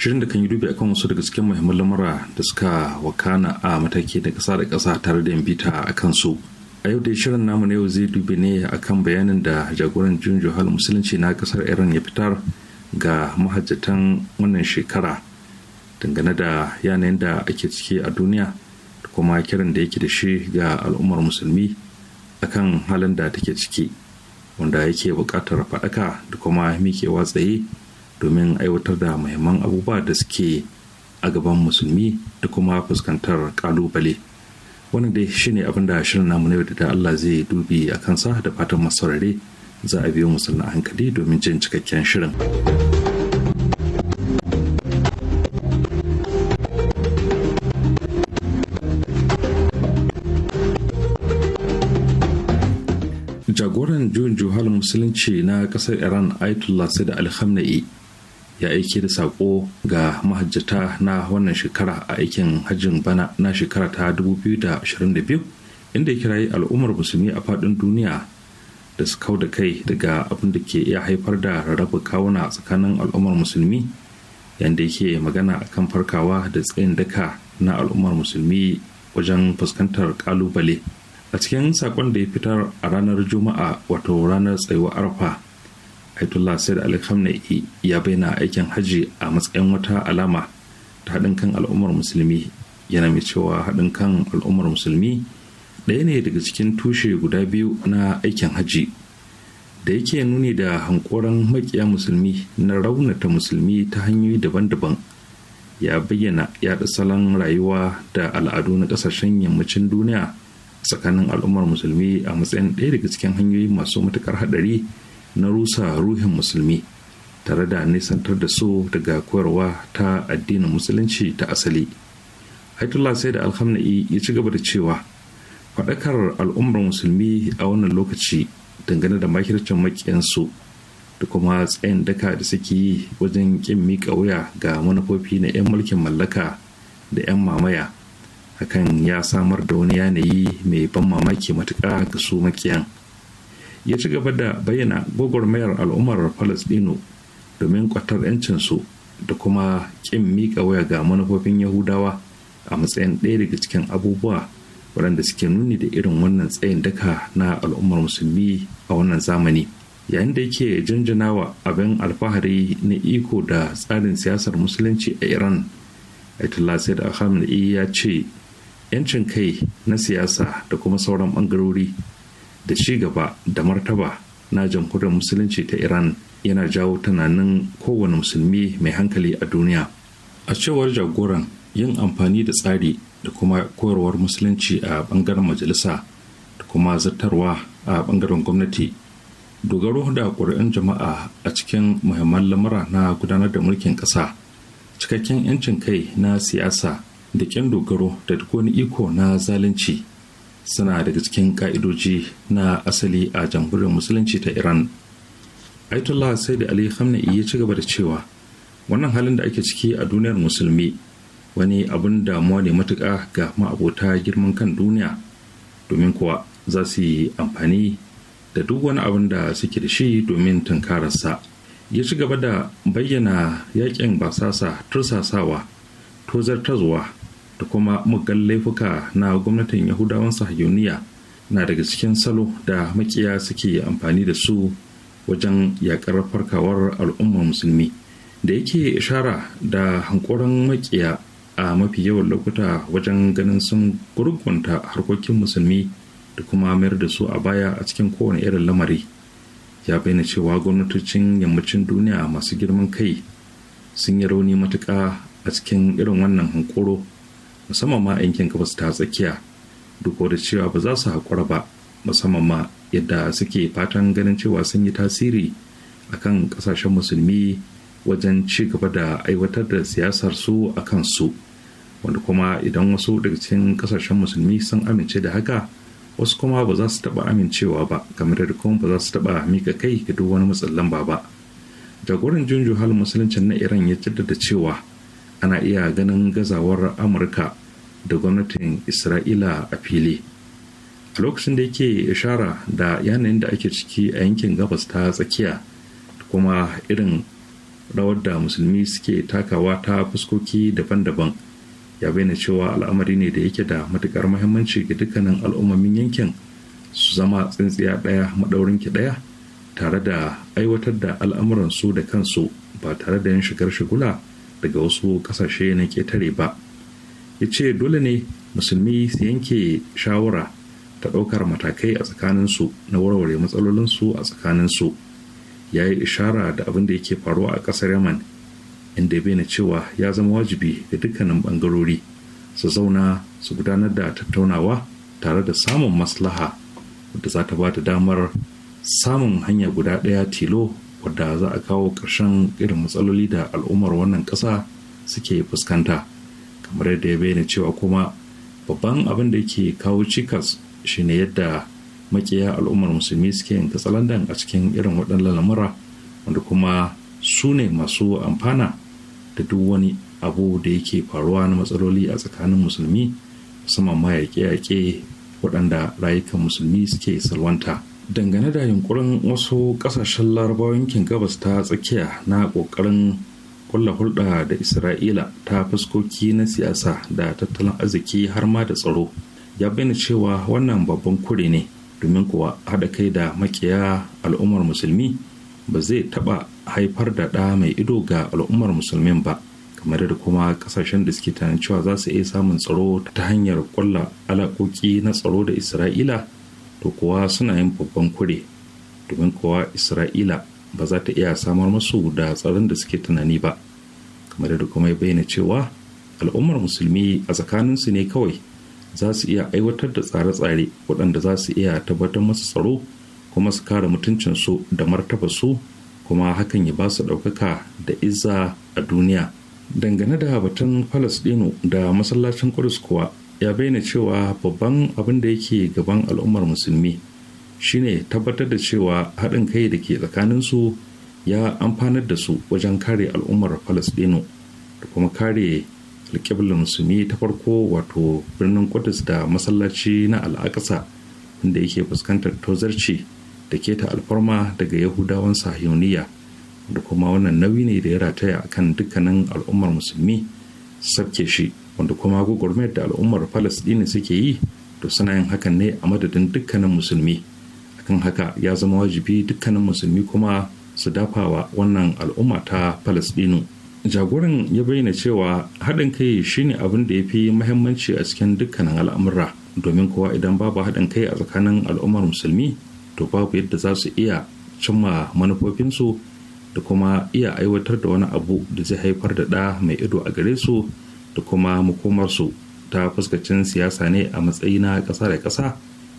shirin da kan yi dubi akan wasu daga cikin muhimman lamura da suka wakana a mataki da kasa da kasa tare da bita a kansu a yau da shirin namu na yau zai dubi ne akan bayanin da jagoran jun johal musulunci na ƙasar iran ya fitar ga mahajjatan wannan shekara dangane da yanayin da ake ciki a duniya da kuma kiran da yake da shi ga al'ummar musulmi akan halin da take ciki wanda yake buƙatar faɗaka da kuma miƙewa tsaye domin aiwatar da muhimman abubuwa da suke a gaban musulmi da kuma fuskantar kalubale wannan dai shine abin da shirin namu na yau da Allah zai dubi a kansa da fatan masaurare za a biyo musulmi a hankali domin jin cikakken shirin. jagoran juyin juhal musulunci na kasar iran ayatollah said al-khamenei ya aike da sako ga mahajjata na wannan shekara a aikin hajjin bana na shekara ta 2022 inda ya kirayi al'ummar musulmi a faɗin duniya da su kau da kai daga abin da ke iya haifar da rarraba kawuna tsakanin al'ummar musulmi yadda yake magana kan farkawa da tsayin daka na al'ummar musulmi wajen fuskantar kalubale a cikin saƙon da ya fitar a ranar juma'a wato ranar tsayuwar arfa Aitullah Said Ali Khamenei ya bayyana aikin hajji a matsayin wata alama ta haɗin kan al'ummar musulmi yana mai cewa haɗin kan al'ummar musulmi ɗaya ne daga cikin tushe guda biyu na aikin hajji da yake nuni da hankoran makiya musulmi na raunata musulmi ta hanyoyi daban-daban ya bayyana yaɗa salon rayuwa da al'adu na ƙasashen yammacin duniya tsakanin al'ummar musulmi a matsayin ɗaya daga cikin hanyoyi masu matuƙar haɗari na rusa ruhin musulmi tare da nisantar da su daga koyarwa ta addinin musulunci ta asali haitullah sai da alhamna'i ya ci gaba da cewa faɗakar al'ummar musulmi a wannan lokaci dangane da makircin makiyansu da kuma tsayin daka da suke yi wajen ƙin miƙa wuya ga manufofi na 'yan mulkin mallaka da 'yan mamaya hakan ya samar da wani yanayi mai ban mamaki matuƙa ga su makiyan. ya ci gaba da bayyana gwagwarmayar al'ummar Falasɗinu domin kwatar 'yancinsu da kuma ƙin miƙa waya ga manufofin Yahudawa a matsayin ɗaya daga cikin abubuwa waɗanda suke nuni da irin wannan tsayin daka na al'ummar musulmi a wannan zamani yayin da yake janjanawa abin alfahari na iko da tsarin siyasar musulunci a iran Ayatollah said alhamdulillah ya ce yancin kai na siyasa da kuma sauran ɓangarori da ci gaba da martaba na jamhuriyar musulunci ta iran yana jawo tunanin kowane musulmi mai hankali a duniya a cewar jagoran yin amfani da tsari da kuma koyarwar musulunci a bangaren majalisa da kuma zartarwa a bangaren gwamnati dogaro da ƙuri'un jama'a a cikin muhimman lamura na gudanar da mulkin ƙasa cikakken 'yancin kai na siyasa da ƙin dogaro da duk wani iko na zalunci suna daga cikin ka'idoji na asali a jamhuriyar musulunci ta iran aitullah da ali khamenei ya ci gaba da cewa wannan halin da ake ciki a duniyar musulmi wani abun damuwa ne matuƙa ga ma'abota girman kan duniya domin kuwa za su yi amfani da duk wani abun da suke da shi domin tunkararsa ya ci gaba da bayyana yakin basasa tursasawa tozartarwa da kuma muggan laifuka na gwamnatin yahudawan sahayoniya na daga cikin salo da makiya suke amfani da su wajen yakar farkawar al'ummar musulmi da yake ishara da hankoron makiya a mafi yawan lokuta wajen ganin sun gurgunta harkokin musulmi da kuma mayar da su a baya a cikin kowane irin lamari ya bayyana cewa gwamnatocin yammacin duniya masu girman kai sun yi rauni matuƙa a cikin irin wannan hankoro musamman ma yankin gabas ta tsakiya duk da cewa ba za su haƙura ba musamman ma yadda suke fatan ganin cewa sun yi tasiri a kan ƙasashen musulmi wajen ci gaba da aiwatar da siyasar su a kansu wanda kuma idan wasu daga cikin ƙasashen musulmi sun amince da haka wasu kuma ba za su taɓa amincewa ba kamar da kuma ba za su taɓa mika kai ga duk wani matsin lamba ba jagoran junju halin musuluncin na iran ya jaddada cewa ana iya ganin gazawar amurka da gwamnatin isra'ila a fili a lokacin da yake ishara da yanayin da ake ciki a yankin gabas ta tsakiya kuma irin rawar da musulmi suke takawa ta fuskoki daban-daban ya bayyana cewa al'amari ne da yake da matukar muhimmanci ga dukkanin al'ummomin yankin su zama tsintsiya ɗaya maɗaurin ki ɗaya tare da aiwatar da al'amuransu da kansu ba tare da yin shigar shigula daga wasu ƙasashe na ƙetare ba. ya ce dole ne musulmi su yanke shawara ta ɗaukar matakai a tsakaninsu na warware matsalolinsu a tsakaninsu ya yi ishara da abin da yake faruwa a ƙasar yaman inda ya bayyana cewa ya zama wajibi ga dukkanin ɓangarori su zauna su gudanar da tattaunawa tare da samun maslaha wadda za ta ba da damar samun hanya guda ɗaya tilo wadda za a kawo ƙarshen irin matsaloli da al'ummar wannan ƙasa suke fuskanta. kamar yadda ya bayyana cewa kuma babban abin da ke kawo cikas shine yadda makiya al'ummar musulmi suke yin katsalandan a cikin irin waɗannan lamura wanda kuma su ne masu amfana da duk wani abu da yake faruwa na matsaloli a tsakanin musulmi musamman ma yaƙe-yaƙe waɗanda rayukan musulmi suke salwanta dangane da yunkurin wasu ƙasashen larabawa yankin gabas ta tsakiya na ƙoƙarin kulla hulɗa da isra'ila ta fuskoki na siyasa da tattalin arziki har ma da tsaro ya bayyana cewa wannan babban kure ne domin kuwa haɗa kai da makiya al'ummar musulmi ba zai taɓa haifar da ɗa mai ido ga al'ummar musulmin ba kamar da kuma ƙasashen da suke tunanin cewa za su iya samun tsaro ta hanyar kulla alaƙoƙi na tsaro da isra'ila to kuwa suna yin babban kure domin kuwa isra'ila ba za ta iya samar masu da tsaron da suke tunani ba kamar da kuma ya bayyana cewa al'ummar musulmi a tsakaninsu ne kawai za su iya aiwatar da tsare-tsare waɗanda za su iya tabbatar masu tsaro kuma su kare mutuncinsu da martabarsu kuma hakan ya ba su ɗaukaka da izza a duniya dangane da batun falasɗinu da masallacin kudus kuwa ya bayyana cewa babban abin da yake gaban al'ummar musulmi shine tabbatar da cewa haɗin kai da ke tsakanin su ya amfanar da su wajen kare al'ummar falastino da kuma kare alƙiblar musulmi ta farko wato birnin kudus da masallaci na al'aƙasa inda yake fuskantar tozarci da keta alfarma daga yahudawan sahiyoniya da kuma wannan nauyi ne da ya rataya akan dukkanin al'ummar musulmi sabke shi wanda kuma gwagwarmayar da al'ummar falasɗini suke yi to suna yin hakan ne a madadin dukkanin musulmi kan haka ya zama wajibi dukkanin musulmi kuma su dafa wa wannan al'umma ta palestino jagoran ya bayyana cewa haɗin kai shine abin da ya fi mahimmanci a cikin dukkanin al'amura domin kowa idan babu haɗin kai a tsakanin al'ummar musulmi to babu yadda za su iya cimma manufofinsu da kuma iya aiwatar da wani abu da zai haifar da ɗa mai ido a gare su da kuma mukumarsu ta fuskacin siyasa ne a matsayi na ƙasa da ƙasa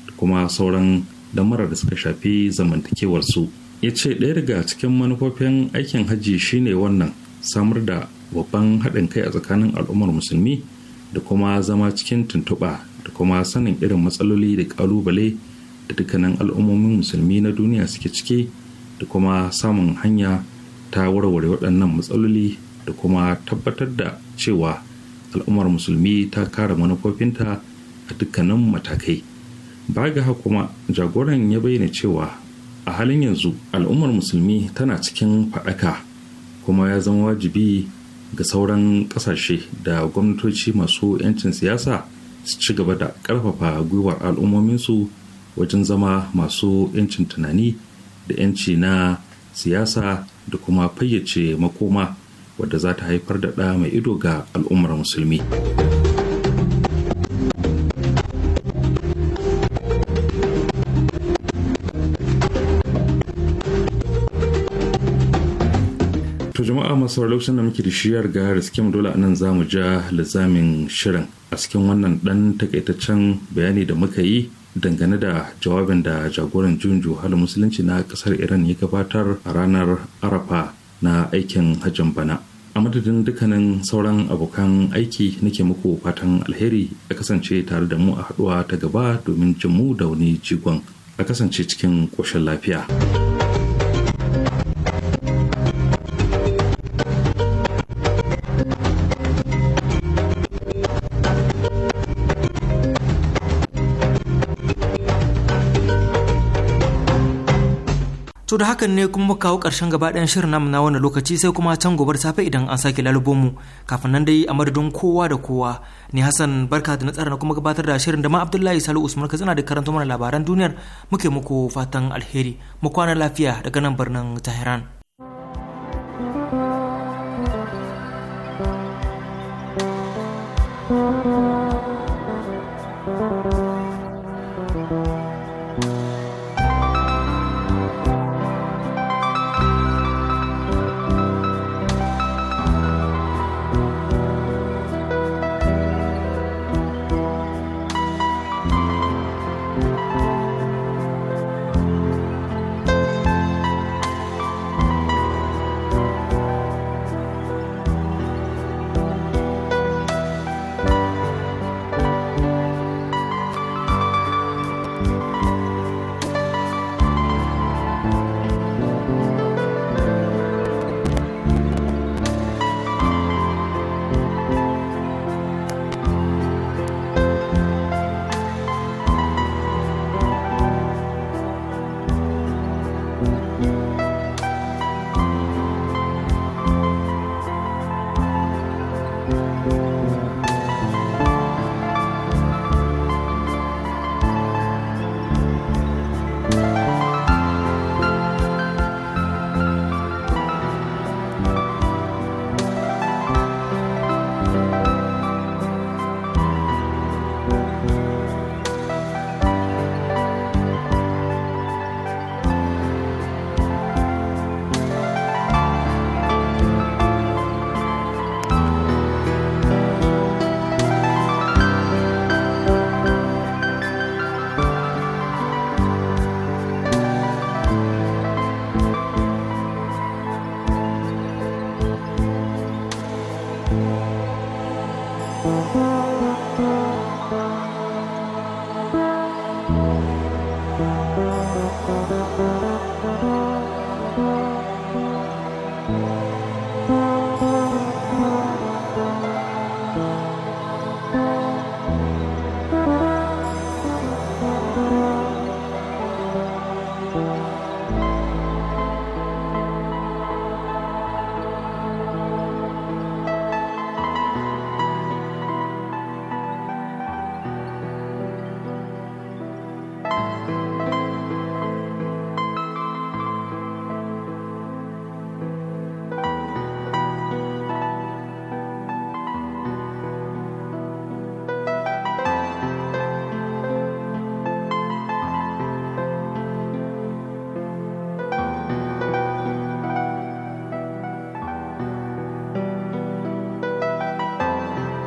da kuma sauran da mara da suka shafi zamantakewarsu ya ce ɗaya daga cikin manufofin aikin hajji shine wannan samar da babban haɗin kai a tsakanin al'ummar musulmi da kuma zama cikin tuntuɓa da kuma sanin irin matsaloli da ƙalubale da dukkanin al'ummomin musulmi na duniya suke ciki da kuma samun hanya ta warware waɗannan matsaloli da kuma tabbatar da cewa al'ummar musulmi ta kare manufofinta a dukkanin matakai baga kuma jagoran ya bayyana cewa a halin yanzu al'ummar musulmi tana cikin faɗaka kuma ya zama wajibi ga sauran ƙasashe da gwamnatoci masu 'yancin siyasa su ci gaba da ƙarfafa gwiwar al'ummominsu wajen zama masu 'yancin tunani da 'yanci na siyasa da kuma fayyace makoma wadda za ta haifar da ɗa mai ido ga al'ummar musulmi. masu lokacin da muke da shiyar ga riskin dole a nan za mu ja lizamin shirin a cikin wannan dan takaitaccen bayani da muka yi dangane da jawabin da jagoran juyin juhal musulunci na kasar iran ya gabatar a ranar arafa na aikin hajjin bana a madadin dukkanin sauran abokan aiki nake muku fatan alheri a kasance tare da mu a haduwa ta gaba domin jin mu da wani jigon a kasance cikin koshin lafiya. da hakan ne kuma kawo karshen gaba ɗayan shirin namu na wannan lokaci sai kuma can gobar safe idan an sake lalubo mu kafin nan dai a madadin kowa da kowa ne Hassan barka da na kuma gabatar da shirin da ma Abdullahi salu Usman ka zana da karanta mana labaran duniyar muke muku fatan alheri mu kwana lafiya daga nan birnin Tehran.